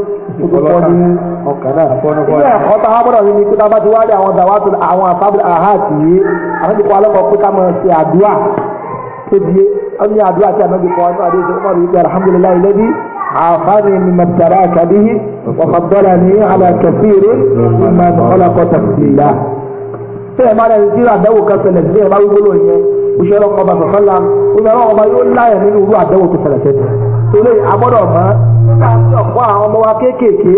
ó ti fọ́ ní ọkà náà. a gbọ́dọ̀ ní bá ti àwọn عافاني مما ابتلاك به وفضلني على كثير ممن خلق تفضيلا bẹ́ẹ̀ máa lẹ́yìn tí àdánwò kan ṣẹlẹ̀ sí bẹ́ẹ̀ máa wí gbólóhùn yẹn oṣù ẹ̀rọ ọba sọ̀kànlá omi ẹ̀rọ ọba yóò láyẹ̀ nínú irú àdánwò tó ṣẹlẹ̀ sẹ́yìn torí agbọ́dọ̀ mọ́ káàkiri ọ̀pọ̀ àwọn ọmọ wa kéékèèké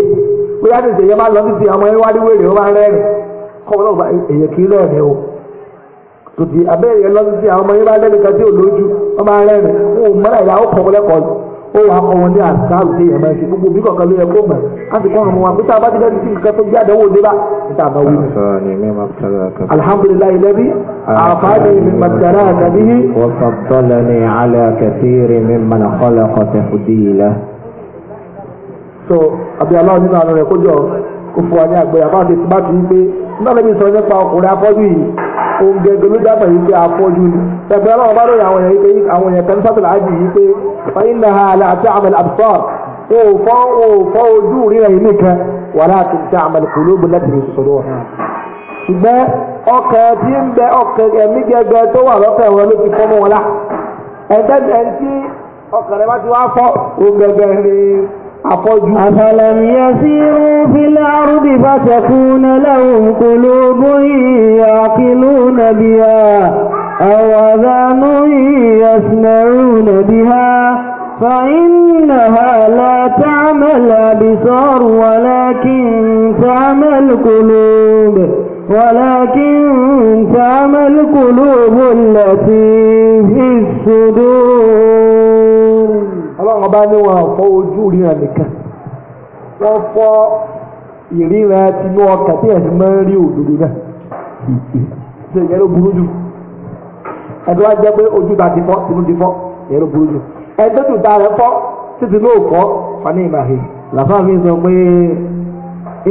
bóyá ní ìṣẹ̀yẹ máa lọ títí àwọn ẹ̀wárí wèrè ó máa ń rẹ́rìn kọ́mọ náà èyẹ kì í rẹ́rìn o tòtí abẹ́rẹ́ lọ títí àwọn ọmọ ó wàá kọ́ wọn ní àṣàrò tí èèyàn máa ṣe gbogbo bí kọ̀ọ̀kan ló yẹ kó mọ̀ á kọ́ ọ̀run wọn pé tá ti dẹ́nu tó jẹ́ àdánwò dé bá níta àbá alhamdulilayi lẹbi àfààní mi màtàrà àtàbí. wọ́sọ̀tọ́lẹ̀ ni alẹ́ kẹsìrì mi mọ̀nà kọ́lẹ̀ kọ́tẹ̀ fúdí yìí lẹ. so àbí aláwọ̀ nínú àná rẹ̀ kójọ kó fún wa ní àgbẹ̀ àbáwọ̀ nítorí mi sọ nípa ọkùnrin afọ́jú yìí òun gẹ́gẹ́ ló dábàá yìí pé afọ́jú ni ẹ̀fẹ́ ọlọ́run bá lóye àwọn èèyàn yìí pé àwọn èèyàn kan sọ́tò láàjì yìí pé fẹ́yìn náà ha àlẹ́ àti àmàlẹ́ àbùsọ̀ òòfọ́ òòfọ́ ojú ríran yìí nìkan wà láti ti àmàlẹ́ kòlóògbé láti fi sọ̀rọ̀ ṣùgbọ́n ọkàn tí ń bẹ ọkàn ẹ̀mí gẹ́gẹ́ tó wà lọ́kàn wọn ló fi fọ́ mọ́ wọn lá ẹ̀ńtẹ́ àpọ̀jù. أفلم يسيروا في الأرض فتكون لهم قلوب يعقلون بها أو أذان يسمعون بها فإنها لا تعمى الأبصار ولكن تعمى القلوب ولكن تعمى القلوب التي في الصدور ọlọ́run bá ní wọn fọ́ ojú ríran nìkan wọ́n fọ́ ìríran tinú ọkàn tí ẹ̀sìn máa ń rí òdodo náà ṣe ìyẹn burú jù ẹ̀dọ́ wa jẹ́ pé ojú ta ti fọ́ tinú ti fọ́ ìyẹn burú jù ẹ̀dọ́ tó ta rẹ̀ fọ́ títí ló kọ́ fani ìmàhì làfà mi sọ pé.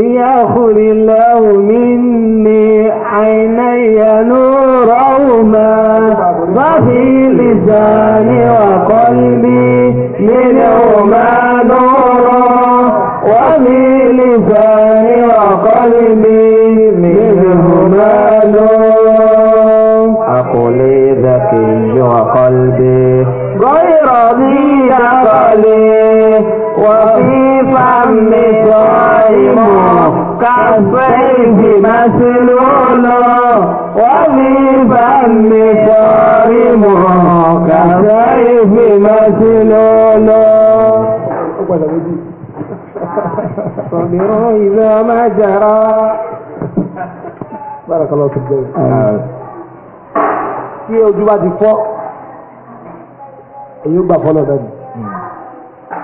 Ìyá àkùnrin ìlẹ́hùn mi ní àìná ìyẹnú rọ́ọ̀mà, bá fi lè sàn ní ọ̀kọ́ níbi. منهما نورا وفي لساني وقلبي منهما نور عقلي ذكي وقلبي غير ذي عقلي وفي فمي صائم كفيه مسلول وبالفم كريم كسيف مسلول صبر إذا ما جرى بارك الله فيك tí ojú bá ti fọ́ èyí ó gbà fọ́lọ̀ dání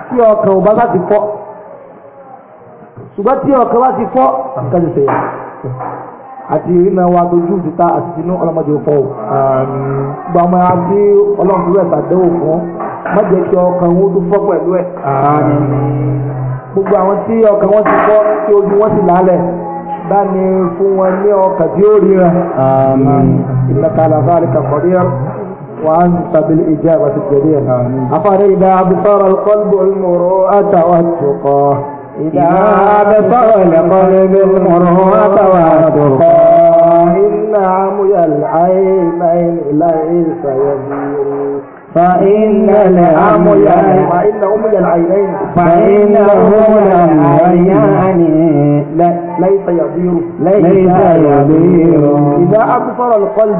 tí ọkàn ò bá bá ti fọ́ ṣùgbọ́n tí ọkàn bá ti fọ́ kàdùsẹ̀ yà àti ìrìnà wa lójú ìdíta àti inú ọlọ́mọdé fọ́ gba ọmọ ya tí ọlọ́run rẹ̀ ṣàdéhùn fún mọ́jẹ̀ kí ọkàn wọn tún fọ́ pẹ̀lú ẹ̀ gbogbo àwọn tí ọkàn wọn ti fọ́ tí ojú wọn sì lálẹ̀ bá ní fún wọn ní ọkàn tí ó ríran ìlàkà àlàfà àríkà kọ̀ríyà وأنت بالإجابة الجليلة أفرد أبصار القلب المروءة والتقى إذا أبصر لقلب المروءة وأبقى إلا مجى العينين ليس يدير فإن العمي فإن أمي العينين فإن العينين ليس يضير ليس يضير إذا أبصر القلب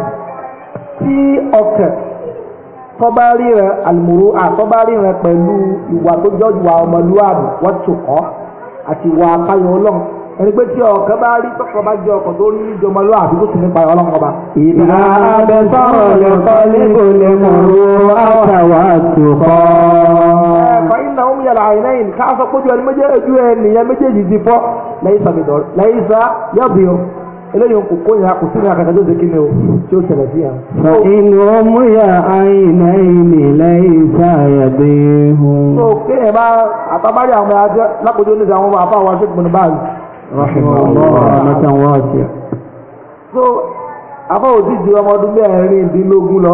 في ọkàn tọ́ba ríran àlùmọ́rò àtọ́ba ríran pẹ̀lú ìwà tó jọ́ ìwà ọmọlúwàbí wọ́n tún kọ́ àti ìwà apáyọ ọlọ́run ẹni pé tí ọ̀kan bá rí tọ́kọ̀ bá jẹ ọkọ̀ tó rí ìjọba lọ́wọ́ àbí tó sì nípa ọlọ́run ọba. ìlà abẹ sọ̀rọ̀ lè kọ́ níbo lè mọ̀ ọ́ àtàwà tó kọ́. ẹ̀fọ́ iná ń yàrá àìlẹ́yìn ká sọ pé ojú ẹni méjèèjì ẹni yẹn méjèèjì ti fọ́ lẹ́yìn sàbẹ̀dọ̀ lẹ́yìn sá yọ̀bì eléyìí kò kó ìhà kò sí ní àkàtà tó ṣe kí ni o tí ó ṣẹlẹ̀ sí à. inú ọmú yà àìnà ìní lẹ́yìn sáyẹ̀dé hun. tó kéèyàn bá àtàbárí àwọn ẹ̀yà lápòjú oníṣẹ́ àwọn ọmọ àfáwọn aṣọ ìpinnu báyìí. rahimahullah wa ṣe. so afọ òjijì ọmọ ọdún mẹ́rìndínlógún lọ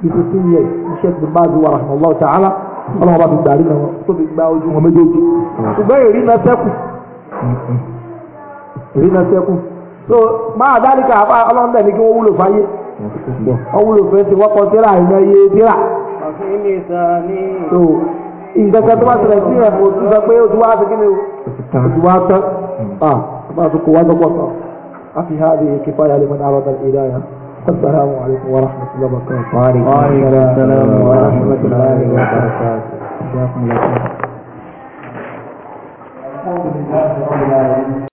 bíi two years iṣẹ́ ìpinnu báyìí wà rahimahullah ta'ala ọlọ́mọba fi gbàrí náà tó fi gba ojú wọn méjèèjì ṣùgbọ́n ìrìnà sẹ́kù èyí náà sẹ́kù so máa dáríkà àbá ọlọ́ndẹ̀ ní kí wọ́n wúlò fáyé wọ́n wúlò fẹ́ sí wọ́pọ̀ tíra ìmọ̀ iye tíra so ìgbẹ́sẹ̀ tó bá tilẹ̀ sí ẹ̀fọ́ tó sọ pé oṣù wa ti kí ni o oṣù wa tán ah bá a tó kó wá lọ́pọ̀ sọ àfi ha di kíkọ́ yà lẹ́mọ̀ náà lọ́dọ̀ ìdá yà السلام عليكم ورحمة الله وبركاته وعليكم السلام ورحمة الله وبركاته جزاكم الله خير الحمد لله رب العالمين